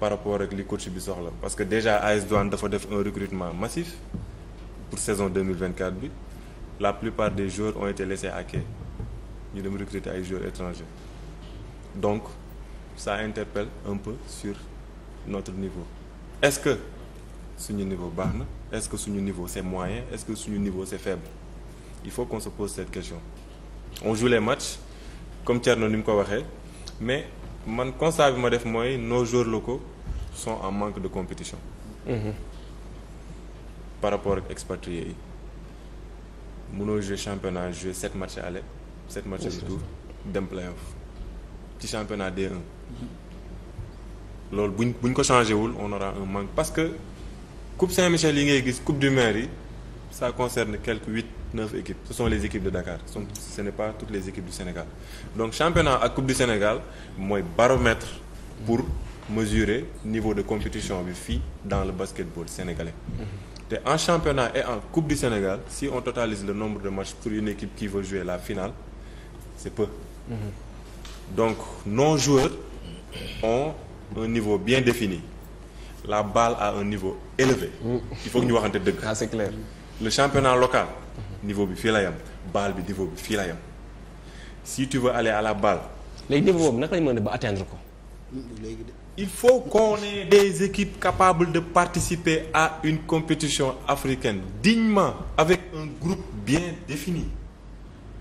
par rapport ak li coach bi soxla parce que déjà AS Douanes dafa def un recrutement massif pour saison 2024 bi la plupart des joueurs ont été laissés à quai ñu dem recruter ay joueurs étrangers donc ça interpelle un peu sur notre niveau est-ce que suñu niveau baax na est-ce que suñu niveau c'est moyen est-ce que suñu niveau c'est faible il faut qu'on se pose cette question on joue comme Thierno ni mu ko waxee mais man constat bi ma def mooy nos joueurs locaux sont en manque de compétition. Mhm. par rapport ak expatriés yi mënoo jouer championnat jouer sept matchs aller sept matchs retour dem playoff ci championnat d mhm. loolu buñ buñ ko changé wul on aura un manque parce que coupe Saint-Michel yi ngay gis coupe du maire yi ça concerne quelques huit. neuf équipes ce sont les équipes de Dakar ce, sont, ce n'est pas toutes les équipes du Sénégal donc championnat ak coupe du Sénégal mooy baromètre pour mesurer niveau de compétition bi fii dans le basketball sénégalais mhm. te en championnat et en coupe du Sénégal si on totalise le nombre de matchs pour une équipe qui veut jouer la finale c'est peu mhm. donc nos joueurs ont un niveau bien défini la balle à un niveau élevé mm. il faut que ñu waxante dëgg ah c'est clair le championnat local niveau bi fii la yem balle bi niveau bi fii la yem si tu veux aller léegi niveau boobu naka lañ mën a ba atteindre ko. il faut qu'on ait des équipes capables de participer à une compétition africaine dignement avec un groupe bien défini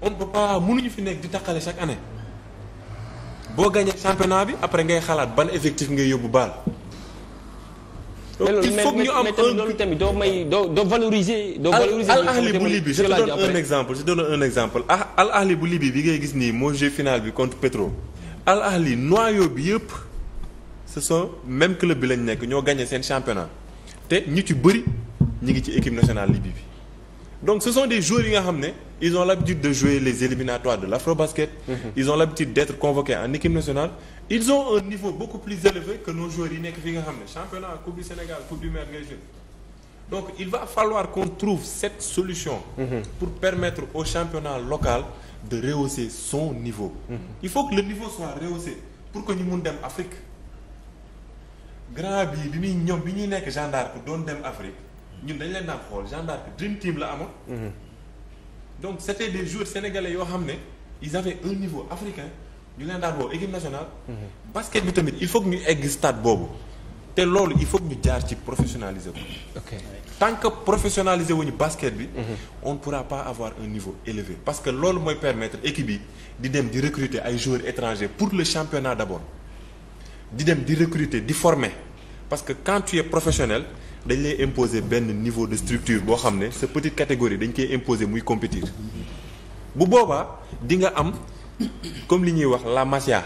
on ne peut pas mënuñu fi nekk di taqale chaque année boo gagné championnat bi après ngay xalaat ban effectif ngay yóbbu baal. il faut ñu am un loolu tamit doo may doo doo valoriser. doo valoriser ah, al ahli bu Libye bi ngay gis nii mooy jeu final bi contre Petro al ahli noyau bi yëpp ce sont même club bi lañ nekk ñoo gagné seen championnat te ñu ci bëri ñu ngi ci équipe nationale Libye bi. donc ce sont des joueurs yi nga xam ne ils ont l'habitude de jouer les éliminatoires de l'afrobasket. Mm-hmm. ils ont l'habitude d'être convoqués en équipe nationale. ils ont un niveau beaucoup plus élevé que nos joueurs yi nekk fi nga xam ne championnat coupe du Sénégal coupe du maire ngay joué donc il va falloir qu'on trouve cette solution mm-hmm. pour permettre au championnat local de rehausser son niveau mm-hmm. il faut que le niveau soit rehaussé pour que ñu mun dem Afrique grand bii bi muy ñoom bi ñuy nekk Jeanne d'Arc doon dem Afrique ñun dañ leen daan xool Jeanne d'Arc dream team la amoon mm-hmm. donc c'était des joueurs sénégalais yoo xam ne ils avaient un niveau africain ñu leen daan woo équipe nationale. basket bi tamit il faut que ñu egg stade boobu. te loolu il faut ñu jaar ci professionnaliser ko. ok tant que professionnaliser wuñu basket bi. Mhm. on ne pourra pas avoir un niveau élevé. parce que loolu mooy permettre équipe yi di dem di recruter ay joueurs étrangers pour le championnat d' abord di dem di recruter di forme parce que quand tu professionnel dañ lay imposer benn niveau de structure boo xam ne sa petite catégorie dañ koy imposer muy compétir bu boobaa di nga am. comme li ñuy wax la mafia.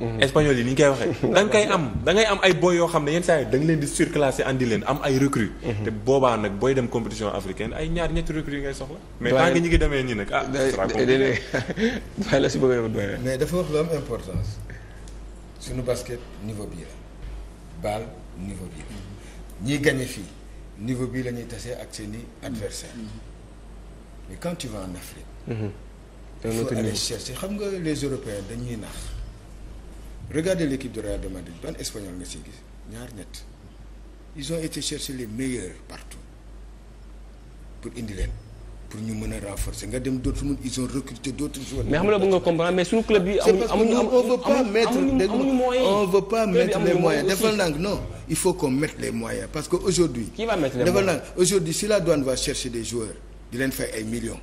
Mhm. espagnol yi ni ñu koy waxee. [laughs] da nga koy am da am ay boy yoo xam ne yenn saa yi da leen di surclassé andi leen am ay recrue mhm. te boobaa nag booy dem compétition africaine ay ñaar ñetti recrue ngay soxla. mais tant que ñi ngi demee nii nag ah. [laughs] la si bëgg mais dafa wax lu am importance suñu basket niveau bii la baal niveau bii la mhm. ñiy fii niveau bii la ñuy tasee ak seen i adversaire mais quand tu en Afrique. d'un autre niveau chercher xam nga les européens dañuy naax regardez l'équipe du Real de Madrid ban espagnol nga siy gis ñaar ñett ils ont été chercher les meilleurs partout pour indi leen pour ñu mën a renforcer nga dem d'autres monde ils ont recruté d'autres joueurs. mais xam nga bu nga comprendre mais suñu club yi. amuñu amuñu on veut pas mettre les moyens defal nang non il faut qu'on mette les moyens parce que aujourd'hui qui va mettre les defal nang aujourd'hui si la douane va chercher des joueurs leen fay ay millions.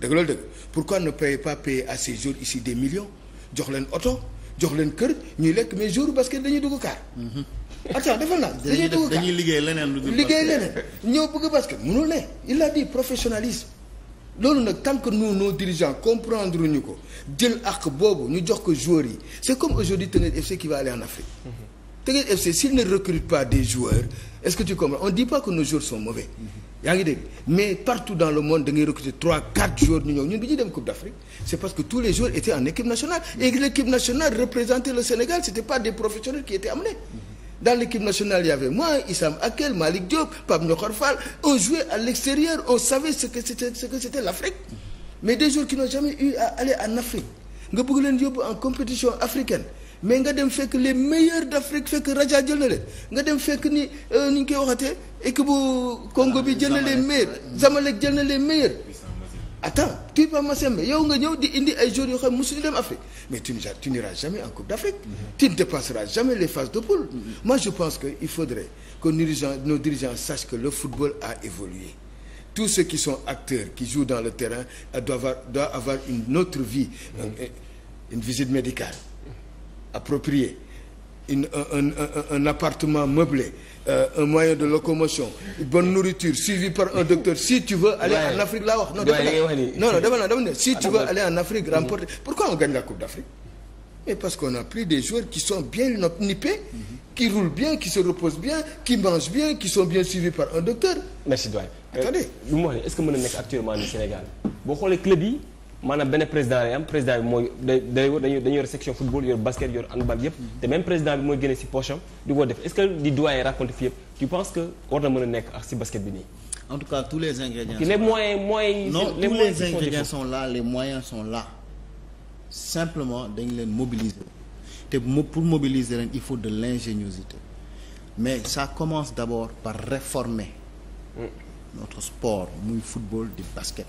dëgg loolu dëgg pourquoi ne paye pas payer à jours ici des millions jox leen oto jox leen kër ñuy lekk mais jour basket dañuy dugg kaar. attends defal naa dañuy dugg kaar dañuy liggéey leneen lu dul liggéey leneen ñëw bëgg basket mënul ne il a dit professionnalisme. loolu nag tant que nous nos dirigeants comprendre ñu ko jël ak boobu ñu jox ko joueurs yi c' comme aujourd'hui Teungueth FC qui va aller en Afrique. Teungueth FC s'il ne recrute pas des joueurs est ce que tu comprends on dit pas que nos joueurs sont mauvais. yaa ngi dégg mais partout dans le monde da ngay recruter trois quatre joueurs ñu ñëw ñun bi ñuy Coupe d'Afrique c'est parce que tous les joueurs étaient en équipe nationale et l'équipe nationale représentait le Sénégal c'était pas des professionnels qui étaient amenés mm-hmm. dans l'équipe nationale il y avait moi Issam Pape Ndiokor Fall on jouait à l'extérieur on savait ce que c'était l'Afrique mm-hmm. mais des joueurs qui n'ont jamais eu à aller en Afrique leen yóbbu en compétition mais nga dem fekk les meilleurs d'Afrique fekk Raja jël na leen nga dem fekk ni euh, ni ñu koy waxatee équipe bu Congo bi jël na le meilleurs Zamalek jël na les meilleurs attends tu pas Massembe yow nga ñëw di indi ay joueurs yoo xam mosuñu dem Afrique mais tu n'iras tu n'iras jamais en Coupe d'Afrique mm-hmm. tu ne dépasseras jamais les phases de poule mm-hmm. moi je pense que il faudrait que nos dirigeants nos dirigeants sachent que le football a évolué tous ceux qui sont acteurs qui jouent dans le terrain doivent avoir doivent une autre vie mm-hmm. euh, une médicale approprié une un un un, un appartement meublé euh, un moyen de locomotion bonne nourriture suivi par un docteur si tu veux aller ouais. en Afrique laa wax. non non dama dama ne si tu ah, veux aller en Afrique mm. remporter pourquoi on gagne la Coupe d'Afrique mais parce qu'on a pris des joueurs qui sont bien nippés mm-hmm. qui roulent bien qui se reposent bien qui mangent bien qui sont bien suivis par un docteur. merci doyen. Euh, attendez lu mu wax nii club yi. maanaam benn président lay am président bi mooy day day dañuy dañuy yor section football yor basket yor handball yëpp hmm. te même président bi mooy génne ci poche am di ko def est-ce que di doyen raconte fi yëpp tu penses que war na mën a nekk ak ci basket bi nii. en tout cas tous les ingrédients. Okay, les moyens moyens. non les tous moyens les ingrédients sont là les moyens simplement dañ leen mobiliser te pour mobiliser leen il faut de l'ingéniosité mais ça commence d'abord par réformer. Hmm. notre sport muy football di basket.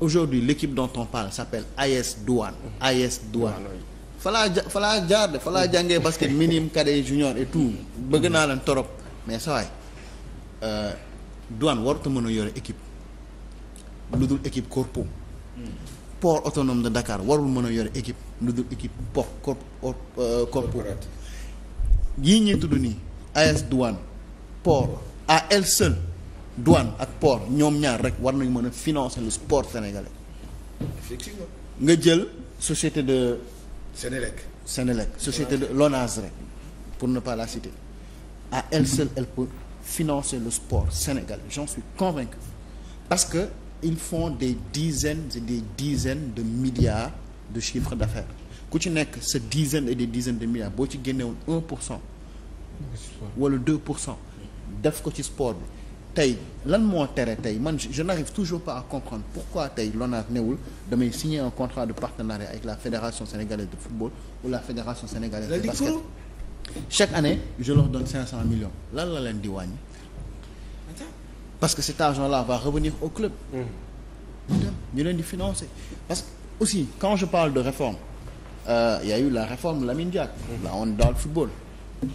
aujourd'hui l'équipe dont on parle s'appelle AS Douane mhm. AS Douane falaa ja jaar de falaa jàngee basket [laughs] minime cadet junior et tout bëgg naa leen torop mais saa waay euh, Douane warut mën a yore équipe lu dul équipe corpo hmm. port autonome de Dakar warul mën a yore équipe lu dul équipe port corp euh, corpo yii ñuy tudd nii AS Douane port à elle seule douane ak port ñoom ñaar rek war nañu mën a financer le sport sénégalais. nga jël société de. Sénélec Sénélec société de l'ONAS rek pour ne pas la citer à elle seule elle peut financer le sport sénégalais j'en suis convaincu parce que il font des dizaines et des dizaines de milliards de chiffre d'affaires ku ci nekk sa dizaines et des dizaines de milliards boo ci génnewoon un pour cent wala deux pour cent def ko ci sport bi tey lan moo tere tey man je n'arrive toujours pas à comprendre pourquoi tey l'ONAS newul damay signer un contrat de partenariat avec la fédération sénégalaise de football ou la fédération sénégalaise de basket chaque année je leur donne cinq cent millions lan la leen di wàññi parce que cet argent là va revenir au club mm. ñu leen di financer parce que aussi quand je parle de réforme euh, il euh, la réforme Lamine mm. on est football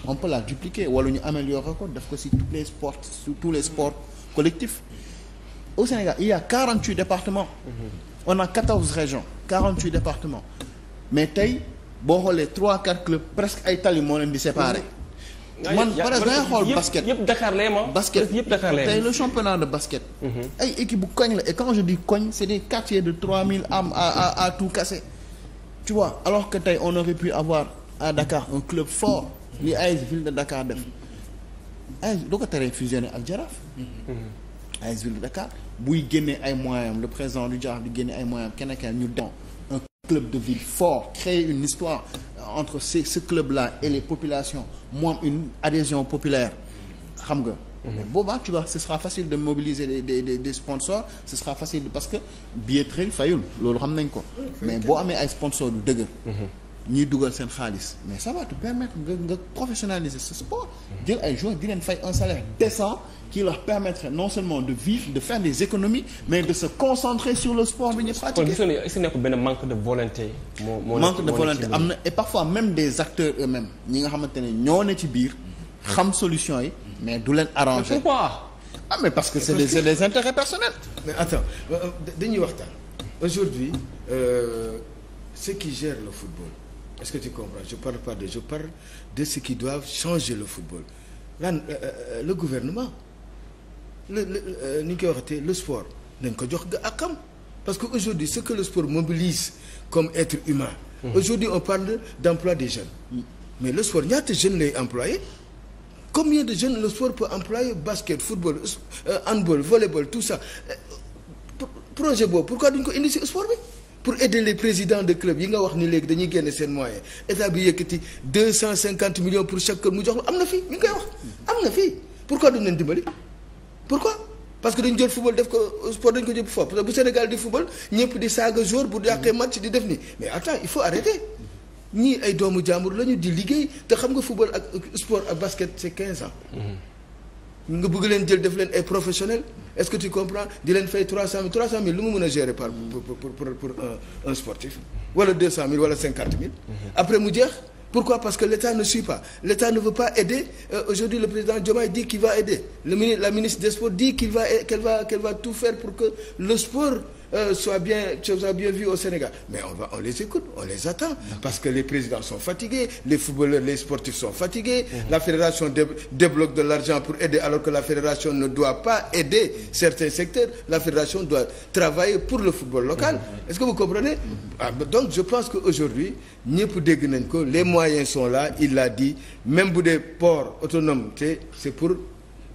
on peut la dupliquer wala ñu améliorer ko def ko ci tous les sports sur tous les sports collectifs au Sénégal il y a 48 mm-hmm. on a 14 régions 48 départements mais tey boo xoolee trois quatre clubs presque ay tali moo leen di séparer mm-hmm. ah, man par exemple dangay basket yëpp Dakar lay ma ah. basket tey le championnat de basket mm-hmm. ay équipe bu koñ la et quand je koñ c'est des quartiers de 3000 âmes à à tout casser tu alors que tey li AS ville de Dakar def AS du ko teree fusionner ak Jaraaf mm-hmm. AS ville de Dakar buy génnee ay moyens le président du Jaraaf di génne ay moyens am keneen ñu dem un club de ville fort créer une histoire entre ce club là et les populations moom une adhésion populaire xam nga mm-hmm. mais boobaa tu vois ce sera facile de mobiliser de des des, des sponsors ce sera facile parce que billetterie fayul loolu xam nañ ko mais boo amee ay sponsors du dëgg mm-hmm. ñuy dugal seen xaalis mais sa va te permettre nga nga professionnaliser ce sport jël ay joueurs di leen fay un salaire décent qui leur permettrait non seulement de vivre de faire des économies mais de se concentrer sur le sport bi ñu pratiquer. kon est manque de volonté. manque de volonté am na et parfois même des acteurs eux-mêmes ñi nga xamante ne ñoo ne ci biir. xam solution yi. mais du leen arranger pourquoi. ah mais parce que c'est des c'est des intérêts personnels. mais attends euh, euh, dañuy waxtaan aujourd'hui euh, le football. est-ce que tu comprends je parle pas je parle de ceux qui doivent changer le football lan euh, euh, euh, le gouvernement le le ni ñu koy waxatee le sport nañ ko jox ga akam parce que aujourd'hui ce que le sport mobilise comme être humain mmh. aujourd'hui on parle d'emploi des jeunes mais le sport ñaata jeunes lay employé combien de jeunes le sport peut employer basket football handball volleyball tout ça projet boobu pourquoi duñ ko indi ci sport bi pour aider les présidents de club yi nga wax ni léegi dañuy génne seen moyen état bi yëkkati deux cent cinquante millions pour chaque club mu jox am na fii ñu ngi koy wax am na fii pourquoi duñ leen dimbali pourquoi parce que dañu jël football def ko sport dañu ko jëpp foofu parce bu Sénégal di football ñëpp di saaga jour bu yàqee match di def nii mais attends il faut arrêter ñii ay doomu jàmbur lañu di liggéey te xam nga football ak sport ak basket c'est quinze ans mm-hmm. nga bëgg leen jël def leen ay professionnels est-ce que tu comprends di leen fay trois cent mille trois cent mille lu mu mën gérer par pour euh, un sportif wala deux cent mille wala cinquante mhm. après mu pourquoi parce que l'État ne suit pas l'État ne veut pas aider euh, aujourd'hui le président Diomaye dit qu'il va aider la ministre des sports dit qu'elle va tout faire pour que le sport euh, soient bien soient bien vus au Sénégal mais on va on les écoute on les attend parce que les présidents sont fatigués les footballeurs les sportifs sont fatigués mhm. la fédération débloque de l'argent pour aider alors que la fédération ne doit pas aider certains secteurs la fédération doit travailler pour le football local mmh. est-ce que vous comprenez mhm. ah, donc je pense qu'aujourd'hui ñëpp dégg nañ ko les moyens sont là il l'a dit même bu dee port autonome c'est c'est pour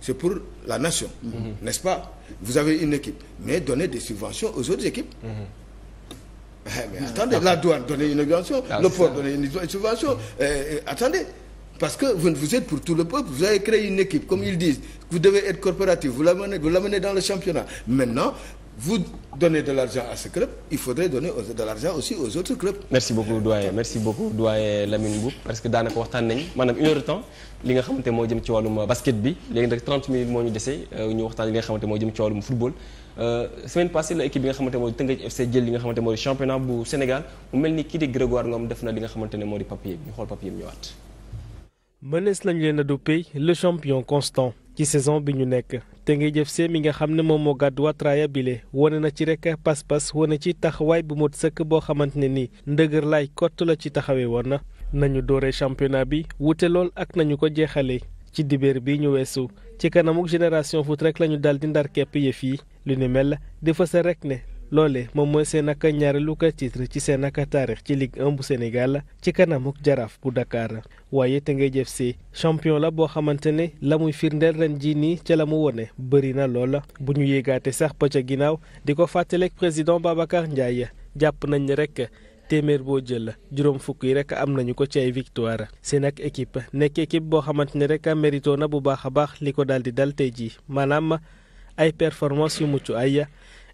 c'est pour la nation. Mm -hmm. N'est-ce pas? Vous avez une équipe, mais donnez des subventions aux autres équipes. Mm -hmm. Mais attendez, la douane donner une subvention, le port donner une subvention. Euh, attendez, parce que vous, vous êtes pour tout le peuple, vous avez créé une équipe, comme ils disent, vous devez être corporatif, vous l'amenez dans le championnat. Maintenant, vous donner de l'argent aussi aux autres clubs. merci beaucoup doyen merci beaucoup doyen Lamine Mboup parce que daanaka waxtaan nañ maanaam une heure li nga xamante moo jëm ci wàllum basket bi léegi nag 30 minutes moo ñu dese euh, ñu waxtaan li nga xamante moo jëm ci wàllum football. Euh, semaine passée la équipe bi nga xamante moo di FC jël li nga xamante moo di championnat bu Sénégal mu mel ni kii di Grégoire Ngom def na li nga xamante ne moo di ci saison bi ñu nekk te ngay jëf see mi nga xam ne moom moo gàdduwaat raaya bile wane na ci rek pas-pas wane ci taxawaay bu mot sëkk boo xamante ne nii ndëgër lay kott la ci taxawee woon na nañu doore championnat bi wute lool ak nañu ko jeexalee ci dibéer bi ñu weesu ci kanamuk génération foot rek lañu daal di ndar képp yëf fii lu ni mella di fësal rek ne loole moom mooy seen ak ñaareelu ka titre ci seen ak taarix ci Ligue 1 bu Sénégal ci kanamuk jaraaf bu Dakar waaye ngay jëf FC champion la boo xamante ne la muy firndeel ren jii nii ca la mu wone bëri na lool la bu ñu yéegaatee sax ba ca ginnaaw di ko fàttaleeg président Babacar Ndiaye jàpp nañ ne rek téeméer boo jël juróom fukk yi rek am nañu ko ci ay victoire seen ak équipe nekk équipe boo xamante ne rek mérito na bu baax a baax li ko daal di dal tey jii maanaam ay performance yu mucc ay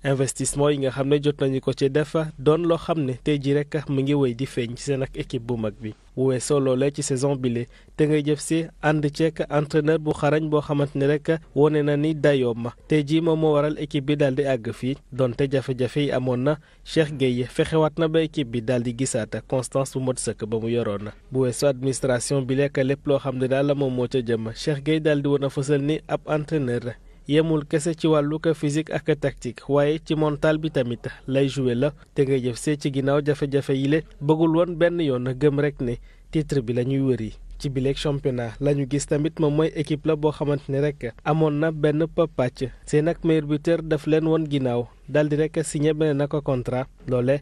investissement yi nga xam ne jot nañu ko ci def doon loo xam ne tey jii rek mu ngi woy di feeñ ci seen ak équipe bu mag bi. weesoo loolee ci saison bile te ngay jëf si ànd ceek entraîneur bu xarañ boo xamante ne rek wone na ni dayoo ma tey jii moom moo waral équipe bi daal di àgg fii donte jafe-jafe yi amoon na Cheikh Gueye fexewaat na ba équipe bi daal di gisaata constance bu mot sëkk ba mu yoroon na. bu weesoo administration bi lekk lépp loo xam ne daal moom moo ca jëm Cheikh Gueye daal di woon a fësal ni ab entraîneur yemul kese ci wàlluka physique ak tactique waaye ci mental bi tamit lay joué la te nga jëf see ci ginnaaw jafe-jafe yi le bëggul woon benn yoon gëm rek ne titre bi la ñuy wëri ci bileeg championnat la ñu gis tamit moom moy équipe la boo xamante ne rek amoon na benn pàcc seen ak meilleur buteur leen woon ginnaaw daal di rek signé beneen ak contrat loole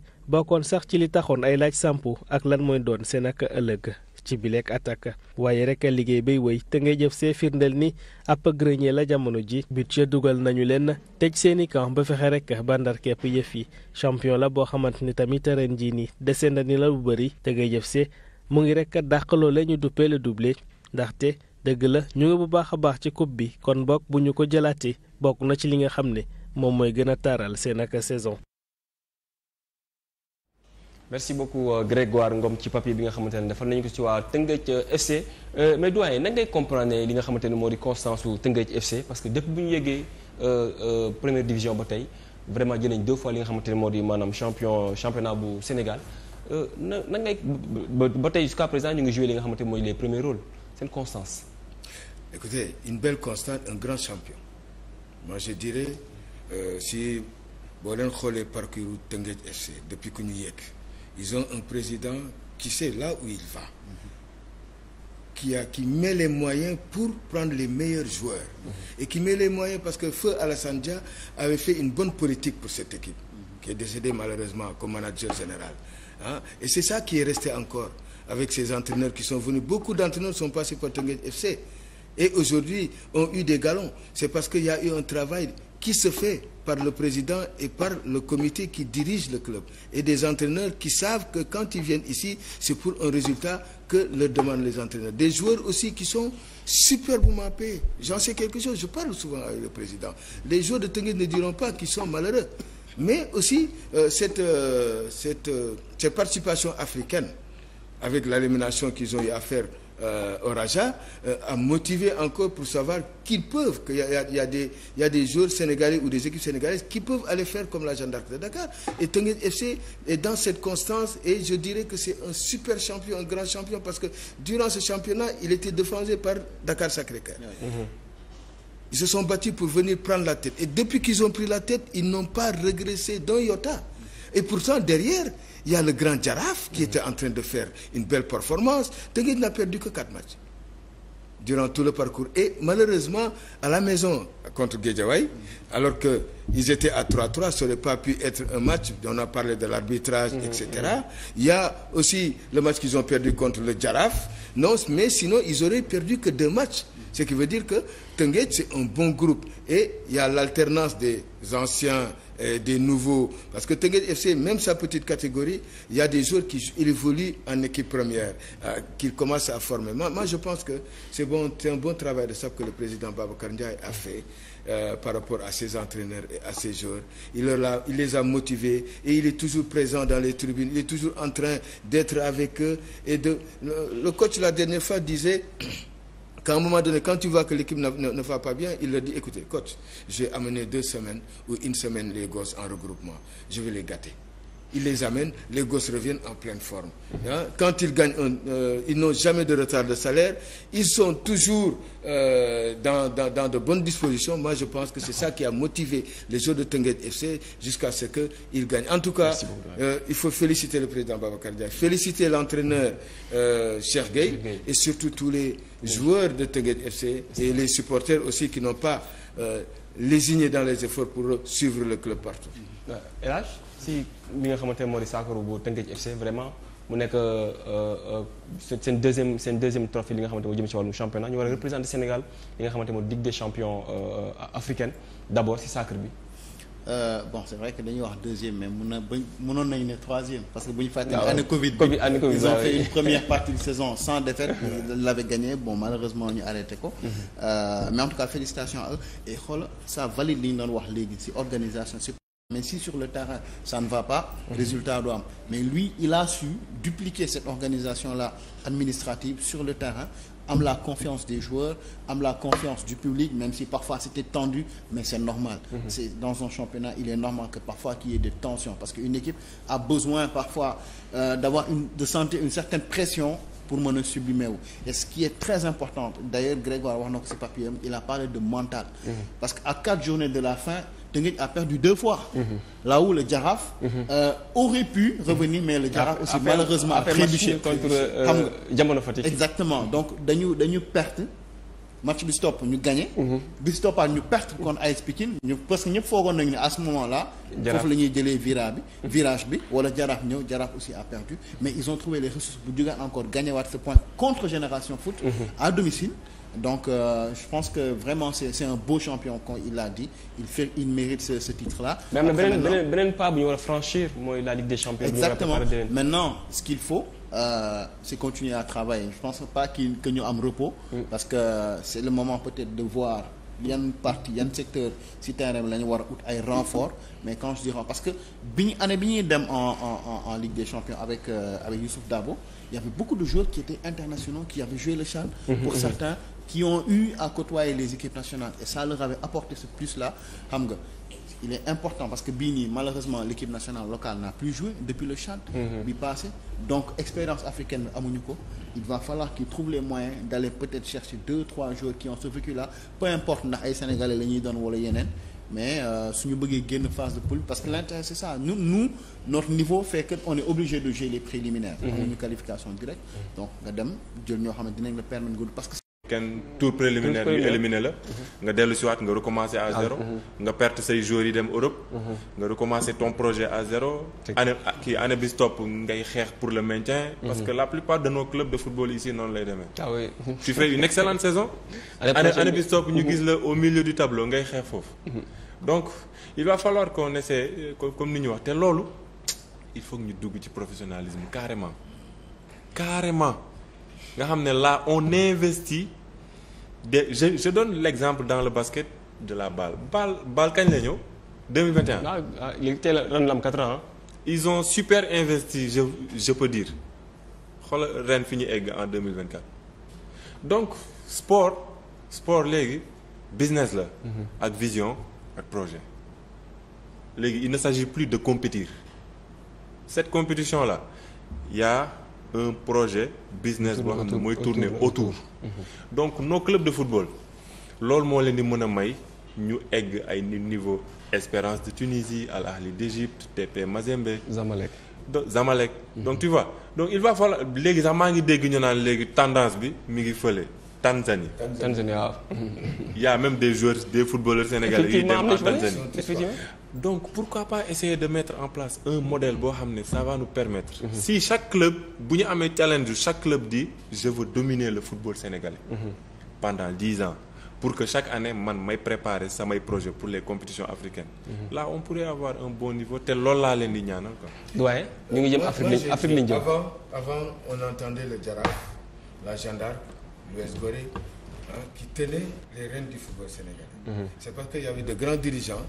kon sax ci li taxoon ay laaj sampu ak lan mooy doon seen ak ëllëg. ci bileeg attaque waaye rek liggéey bay woy te ngay jëf see firndel ni ab grenier la jamono ji budget dugal nañu leen tëj seeni camp ba fexe rek bandar kepp yëf yi champion la boo xamante ni tamit ren jii nii dese na ni la bu bëri te ngay jëf see mu ngi rek dàqaloo loole ñu duppee le doublé ndaxte dëgg la ñu ngi bu baax a baax ci coupe bi kon bokk bu ñu ko jëlaatee bokk na ci li nga xam ne moom mooy gën a taaral seen ak saison. merci beaucoup euh, Grégoire ngoom ci papier bi nga xamante ne defal nañu ko si waa Tëngëj euh, FC euh, mais doyen nan ngay comprendre li nga xamante ne moo di constance su Tëngëj FC parce que depuis bu ñu yeggee première division ba tey vraiment jënañ deux fois li nga xamante ne moo di maanaam champion championnat bu Sénégal na nan ngay ba tey jusqu'à présent ñu ngi joué li nga xamante ne mooy les premiers rôles seen constance. écoutez une belle constance un grand champion moi je dirais euh, si boo leen xoolee parcours Tëngëj FC depuis que ñu Ils ont un président qui sait là où il va, qui, a, qui met les moyens pour prendre les meilleurs joueurs. Et qui met les moyens parce que Feu Alassane Dia avait fait une bonne politique pour cette équipe, qui est décédée malheureusement comme manager général. Et c'est ça qui est resté encore avec ces entraîneurs qui sont venus. Beaucoup d'entraîneurs sont passés par Tengue et aujourd'hui ont eu des galons. C'est parce qu'il y a eu un travail qui se fait par le président et par le comité qui dirige le club et des entraîneurs qui savent que quand ils viennent ici, c'est pour un résultat que leur demandent les entraîneurs. Des joueurs aussi qui sont superbement payés. J'en sais quelque chose, je parle souvent avec le président. Les joueurs de tennis ne diront pas qu'ils sont malheureux. Mais aussi, euh, cette, euh, cette, euh, cette participation africaine, avec l'élimination qu'ils ont eu à faire euh, Oraja euh, a motivé encore pour savoir qu'ils peuvent, qu'il y a, il y, a des, il y a des joueurs sénégalais ou des équipes sénégalaises qui peuvent aller faire comme la Jeanne d'Arc de Dakar. Et Tengue FC est dans cette constance et je dirais que c'est un super champion, un grand champion parce que durant ce championnat, il était défendu par Dakar Sacré-Cœur. Mmh. Ils se sont battus pour venir prendre la tête. Et depuis qu'ils ont pris la tête, ils n'ont pas régressé d'un iota. Et pourtant, derrière, il y a le Grand Jaraaf qui était en train de faire une belle performance Teungueth n'a perdu que quatre matchs durant tout le parcours et malheureusement à la maison contre Guédiawaye alors que ils étaient à 3-3 ça n'aurait pas pu être un match on a parlé de l'arbitrage mhm. etc il y a aussi le match qu'ils ont perdu contre le Jaraaf non mais sinon ils auraient perdu que deux matchs ce qui veut dire que Teungueth c'est un bon groupe et il y a l'alternance des anciens Euh, des nouveaux parce que Teungueth FC même sa petite catégorie il y a des joueurs qui il évoluent en équipe première euh, qu'ils commencent à former moi, moi je pense que c'est bon c'est un bon travail de ça que le président Babacar Ndiaye a fait euh, par rapport à ses entraîneurs et à ses joueurs il leur a, il les a motivés et il est toujours présent dans les tribunes il est toujours en train d'être avec eux et de le, le coach la dernière fois disait qu'à un moment donné, quand tu vois que l'équipe ne, ne, ne, va pas bien, il leur dit, écoutez, coach, j'ai amené deux semaines ou une semaine les gosses en regroupement. Je vais les il les amène les gosses reviennent en pleine forme hein? quand ils gagnent un euh, ils n'ont jamais de retard de salaire ils sont toujours euh, dans de bonnes dispositions moi je pense que c'est ça qui a motivé les joueurs de Teungueth FC jusqu'à ce que ils en tout cas euh, il faut féliciter le président Babacar Diagne féliciter l'entraîneur euh, Cheikh Gueye et surtout tous les joueurs de Teungueth FC et les supporteurs aussi qui n'ont pas euh, lésiné dans les efforts pour suivre le club partout. Euh, si li nga xamante ne moo di saakaru bu Tëngéej FC vraiment mu nekk euh, euh, seen deuxième seen deuxième trophée li nga xamante moo jëm si wàllum championnat ñu war a représenter Sénégal li nga xamante moo Ligue des champions euh, africaine d'abord si saakar bi. bon c'est vrai que dañuy wax deuxième mais mun na bañ ne troisième parce que bu ñu fàttali ah année Covid bi ils ont fait une première [laughs] partie de saison sans défaite l'avait gagné bon malheureusement ñu arrêté ko mm-hmm. mais si sur le terrain ça ne va pas résultat du mais lui il a su dupliquer cette organisation là administrative sur le terrain am la confiance des joueurs am la confiance du public même si parfois c'était tendu mais c'est normal mm -hmm. c'est dans un championnat il est normal que parfois qu'il y ait des tensions parce qu'une équipe a besoin parfois euh, d'avoir de sentir une certaine pression pour mën a sublimer wu et ce qui est très important d'ailleurs Grégoire a parlé de mental mm -hmm. parce que Tëngéej a perdu deux fois. là où Jaraaf. Euh, pu revenir mais le Jaraaf aussi malheureusement a trébuché contre euh, xam nga jamono Fatick. exactement donc dañu dañu perte. match bi ñu gagné. bi ah, ñu perte contre AS Pikine ñu parce que ñëpp foogoon nañu ne à ce moment là. foofu la ñuy jëlee virage bi. virage bi wala jaraaf ñëw jaraaf aussi a perdu mais ils ont trouvé les ressources bu jugaan encore gagné waat ce point contre Génération Foot. Mhm. à domicile. donc euh, je pense que vraiment c'est c'est un beau champion comme il l'a dit il fait il mérite ce, ce titre là. mais am na beneen pas bu ñu war franchir mooy la Ligue des champions. exactement maintenant ce qu'il faut. Euh, c'est continuer à travailler je pense que ñu am repos. Mm. parce que c'est le moment peut-être de voir yan partie yan secteur si terrain la ñu war a ut ay renfort mais quand je dis parce que bi ñu année bi ñuy dem en en en Ligue des Champions avec euh, avec qui ont eu à côtoyer les équipes nationales et ça leur avait ce plus-là xam nga il est important parce que bii nii malheureusement l'équipe nationale locale n'a plus joué depuis le Tchad mhm. bi passé donc expérience africaine bi amuñu ko il va falloir qu'ils trouvent les moyens d'aller peut-être chercher deux trois joueurs qui ont ce vécu-là peu importe ndax ay sénégalais la ñuy doon wala yeneen mais euh, suñu bëggee génn phase de poule parce que l'intérêt c'est ça nous nous kenn tour préliminaire ñu éliminé la mhm. nga dellu si waat nga recommencer à ah. zéro mhm. nga perte say joueurs yi dem Europe mhm. nga recommencer ton projet à zéro année ah, kii année bi ngay xeex pour le maintien parce que la plupart de nos clubs de football ici noonu lay demee ah oui une excellente saison [laughs] année année bi ñu gis la au milieu du tableau ngay xeex foofu donc il va falloir qu'on euh, comme ni ñu wax te loolu il faut ñu dugg ci professionnalisme carrément carrément nga xam de je je donne l'exemple dans le basket de la balle balle balle kañ la ñëw 2021. ah ah léegi teel a ren la am 4 ans. ils ont super investi je je peux dire xoolal ren fi ñu egg en 2024 donc sport sport léegi business la. Mhm. ak vision ak projet. léegi il ne s'agit plus de compétir cette compétition la ya y un projet business boo xam ne mooy tourner autour. donc nos clubs de football loolu moo leen di mën a may ñu egg ay niveau Espérance de Tunisie Al Ahli d'Égypte TP Mazembe. Zamalek Zamalek. donc tu vois donc il va falloir léegi sax maa ngi dégg ñu naan léegi tendance bi mi ngi fële. Tanzanie. Tanzanie waaw. y a même des joueurs des footballeurs sénégalais yi dem en Tanzanie donc pourquoi pas essayer de mettre en place un modèle boo xam ne ça va nous permettre. Mm-hmm. si chaque club bu ñu amee challenge chaque club dit je veux dominer le football sénégalais. Mm-hmm. pendant dix ans. pour que chaque année man may préparer samay projet pour les compétitions africaines. Mm -hmm. là on pourrait avoir un bon niveau te loolu laa leen di ñaanal quoi. waaye ñu ngi jëm Afrique Afrique lañ la Louis Gorée hein, qui tenait les rênes du football sénégalais. Mhm. C'est parce qu'il y avait de grands dirigeants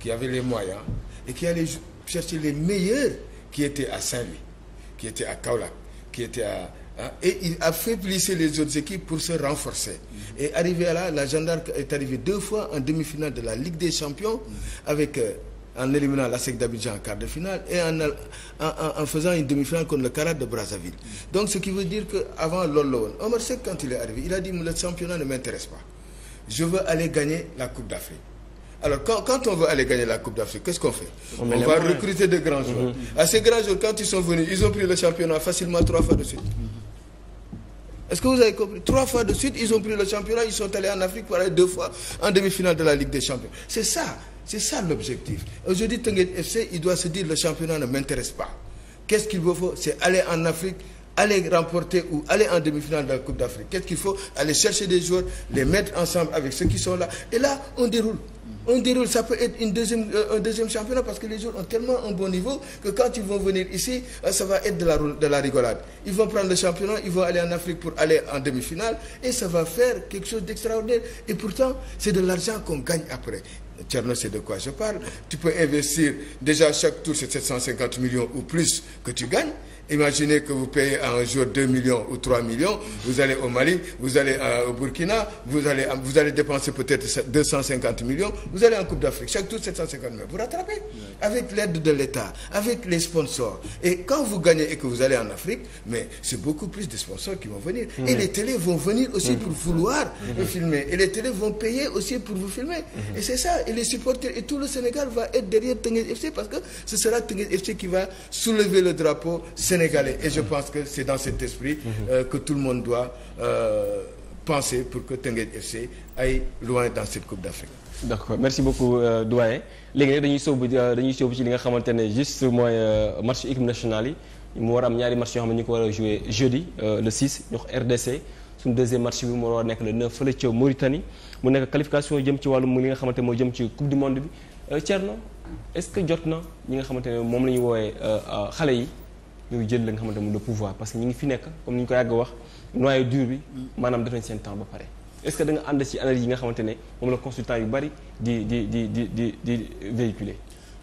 qui avaient les moyens et qui allaient chercher les meilleurs qui étaient à Saint-Louis, qui étaient à Kaolack, qui étaient à et il affaiblissait les autres équipes pour se renforcer. Mhm. Et arrivé à là, la gendarme est arrivée deux fois en demi-finale de la Ligue des Champions avec euh, en éliminant l'ASEC d'Abidjan en quart de finale et en, en, en faisant une demi-finale contre le Karat de Brazzaville. Donc ce qui veut dire qu'avant loolu la woon Omar Seck quand il est arrivé il a dit le championnat ne m'intéresse pas je veux aller gagner la Coupe d'Afrique. Alors quand on veut aller gagner la Coupe d'Afrique qu'est-ce qu'on fait? on, on va recruter de grands joueurs. Mm-hmm. À ces quand ils sont venus ils ont pris le championnat facilement c'est ça l'objectif aujourd'hui Teungueth FC il doit se dire le championnat ne m'intéresse pas qu'est-ce qu'il vous faut c'est aller en Afrique aller remporter ou aller en demi-finale de la Coupe d'Afrique qu'est-ce qu'il faut aller chercher des joueurs les mettre ensemble avec ceux qui sont là et là on déroule on déroule ça peut être une deuxième euh, championnat parce que les joueurs ont tellement un bon niveau que quand ils vont venir ici euh, ça va être de la Thierno c'est de quoi je parle tu peux investir déjà chaque tour c'est 750 millions ou plus que tu gagnes Imaginez que vous payez un jour 2 ou 3 vous allez au Mali, vous allez euh, au Burkina, vous allez, euh, dépenser peut-être millions, vous allez en Coupe d'Afrique, chaque tour 750 Vous rattrapez avec l'aide de l'État, avec les sponsors. Et quand vous gagnez et que vous allez en Afrique, mais c'est beaucoup plus de sponsors qui vont venir. Et les télés vont venir aussi pour vouloir filmer. Et les télés vont payer aussi pour vous filmer. Et c'est ça. Sénégalais et je pense que c'est dans cet esprit mhm. euh, que tout le monde doit euh, penser pour que Teungueth FC aille loin dans cette Coupe d'Afrique. d'accord merci beaucoup euh, doyen léegi nag dañuy sóobu euh, dañuy sóobu ci li nga xamante ne juste mooy match équipe national yi mu war am ñaari match yoo xam ne ñu ko war a jouer jeudi le 6 ñu RDC suñu deuxième match bi mu war a nekk le 9 fële ca Mauritanie mu nekk qualification jëm ci wàllum li nga xamante moo jëm ci coupe du monde est-ce que jot na ñi nga xamante ne moom la ñu woowee xale yi. ñëw jël la nga xamante moom le pouvoir parce que ñu ngi fi nekk comme ni ñu ko yàgg wax noyau dur bi maanaam def seen temps ba pare est-ce que da nga ànd ci analyse yi nga xamante ne moom la consultant yu bari di di di di di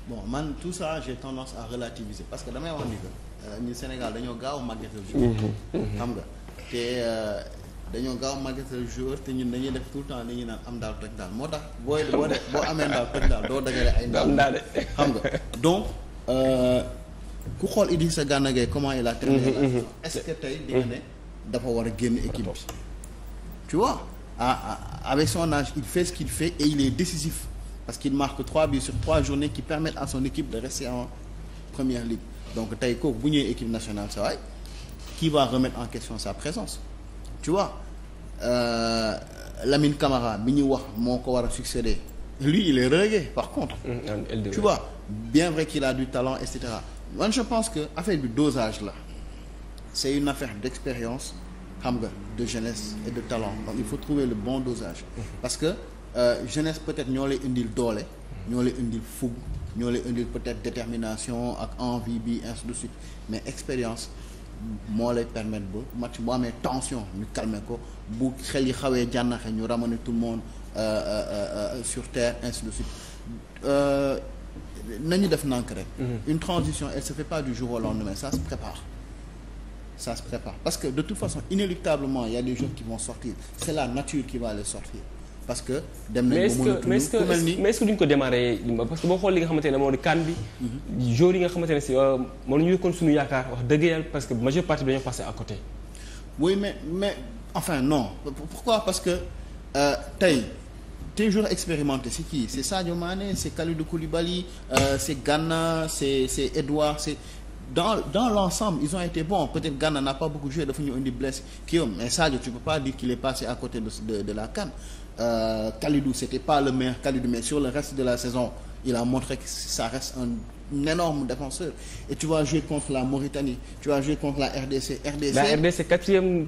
bon man tout ça j'ai tendance à relativiser parce que damay wax ni que euh, ñu Sénégal dañoo gaaw màggetal joueur mm-hmm. Mm-hmm. xam te euh, dañoo te ñun dañuy def tout le temps dañuy naan am daal toj daal moo tax boo de boo amee daal toj daal doo dajale ay ndaal donc euh, ku xool Idrissa Gana Gueye comment il a terminé la saison est dafa war a génn équipe bi tu vois avec son âge il fait ce qu'il fait et il est décisif parce qu'il marque trois buts sur trois journées qui permettent à son équipe de rester en première ligue donc tey kooku bu ñëwee équipe nationale sa waay qui va remettre en question sa présence tu euh, Lamine Camara bi ñu wax moo ko war a succéder lui il est relégué par contre mm, tu bien vrai qu'il a du talent et cetera man je pense que affaire bi dosage la c'est une affaire d'expérience xam nga de jeunesse et de talent donc il faut trouver le bon dosage parce que euh, jeunesse peut-être ñoo lay indil doole ñoo lay indil fougue ñoo lay indil peut-être détermination ak envie bi ainsi de suite mais expérience moo lay permettre ba match bu amee tension ñu calmer ko bu xel yi xawee jànnaxe ñu ramener tout le monde euh, euh, euh, euh sur terre ainsi de suite euh, nañu def nank rek. Mmh. une transition elle se fait pas du jour au lendemain ça se prépare parce que de toute façon inéluctablement il y a des jeunes qui vont sortir c'est la nature qui va les sortir parce que. dem nañ ba mais est-ce que ko démarrer parce que boo xool li nga xamante ne moo di kan bi. Mmh. jour yi nga xamante ne si euh, mënuñu kon suñu yaakaar wax dëgg yàlla parce que majeure partie dañoo passé à côté. oui mais mais enfin non pourquoi parce que euh, tey. des joueurs expérimentés c'est qui c'est Sadio Mané c'est Kalidou Koulibaly euh, c'est Gana c'est c'est Edouard c'est dans dans l'ensemble ils ont été bons peut-être Gana n'a pas beaucoup joué dafa ñu indi blessé kii am mais Sadio tu peux pas dire qu'il est passé à côté de de, de la CAN euh, Kalidou c'était pas le meilleur Kalidou mais sur le reste de la saison il a montré que ça reste un énorme défenseur et tu vas jouer contre la Mauritanie tu vas jouer contre la RDC RDC la RDC quatrième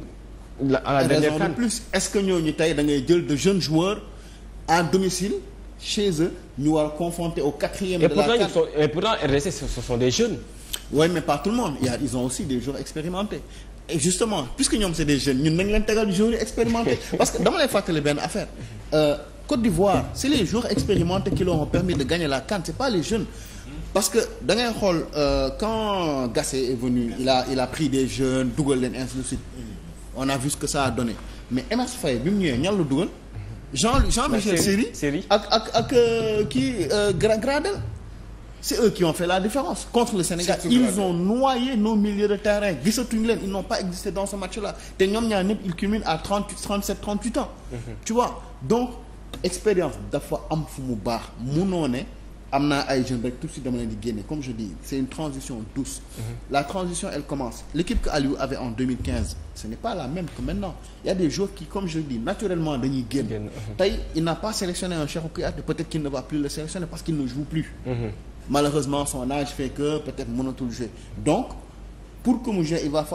tey da ngay jël de jeunes joueurs à domicile chez eux ñu war confronter au quatrième. de la CAN et pourtant ils ce sont des jeunes. oui mais pas tout le monde y a ils ont aussi des joueurs expérimentés. et justement puisque ñoom c'est des jeunes ñun nañ leen tegal expérimentés [laughs] parce que dama lay fàttali benn affaire. Euh, Côte d'Ivoire c'est les joueurs expérimentés qui leur ont permis de gagner la CAN c'est pas les jeunes. parce que da ngay xool euh, quand Gassé est venu il a il a pris des jeunes dugal leen ainsi de suite on a vu mais Enas Faye bi mu ñan la dugal. Jean Jean Michel Seri ak ak ak kii euh, euh, Gra Gradel c'est eux qui ont fait la différence contre le Sénégal ils ont noyé nos milieux de terrain gisatuñu leen ils n'ont pas existé dans ce match-là te ñoom ñaar ñëpp ils culminent à 38 37 38 ans mhm. tu vois donc expérience dafa am fu mu baax munoo ne am na ay jeunes rek tout de suite dama leen comme je dis c'est une transition douce mhm. la transition elle commence l'équipe que Aliou avait en 2015 ce n'est pas la même que maintenant il y a des joueurs qui comme je dis naturellement dañuy génn mhm. tey il n'a pas sélectionné un Cheikhou Kouyaté peut-être qu'il ne va plus le sélectionner parce qu'il ne joue plus mhm. malheureusement son âge fait que peut-être mënatul jouer donc pour que mu jouer il va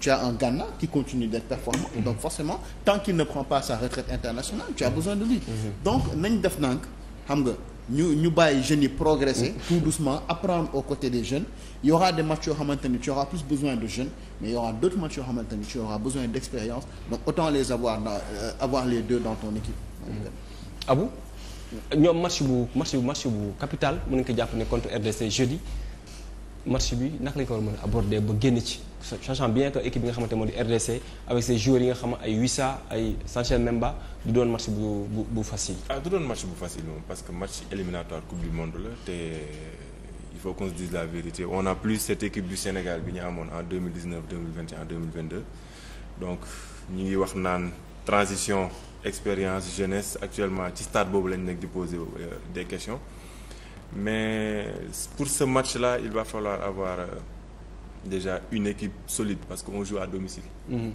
tu as un Ghana qui continue d'être performant mhm. donc forcément tant qu'il ne prend pas sa retraite internationale tu besoin de lui mhm. donc nañ def nank xam nga ñu ñu bàyyi jeunes yi progresser mhm. tout doucement apprendre aux côtés des jeunes il y aura des matchs yoo xamante ni tu auras plus besoin de jeunes mais il y aura d'autres matchs yoo xamante ni tu auras besoin d'expérience donc autant les avoir euh, les deux dans ton équipe Abou ñoom match bu match bu match bu capital mën nga ko jàpp ne contre RDC jeudi match bi naka lañ ko ba génn ci sachant bien que équipe bi nga xamante moo di RDC avec ses joueurs yi nga xam ay Wissa ay Sanchez Memba du doon match bu bu bu facile. ah du doon match bu facile moom parce que match éliminatoire coupe du monde la te euh, il faut qu'on se la vérité on a plus cette équipe du Sénégal bi ñu amoon en 2019 2021 donc ñu ngi wax naan transition expérience jeunesse actuellement ci stade boobu lañ nekk di poser euh, des questions mais pour ce match la il va falloir avoir. Euh, déjà une équipe solide parce qu'on joue à domicile. Mhm.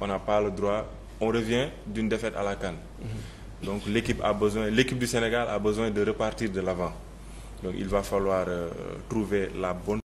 On n'a pas le droit. On revient d'une défaite à la canne. Mhm. Donc l'équipe a besoin, l'équipe du Sénégal a besoin de repartir de l'avant. Donc il va falloir euh, trouver la bonne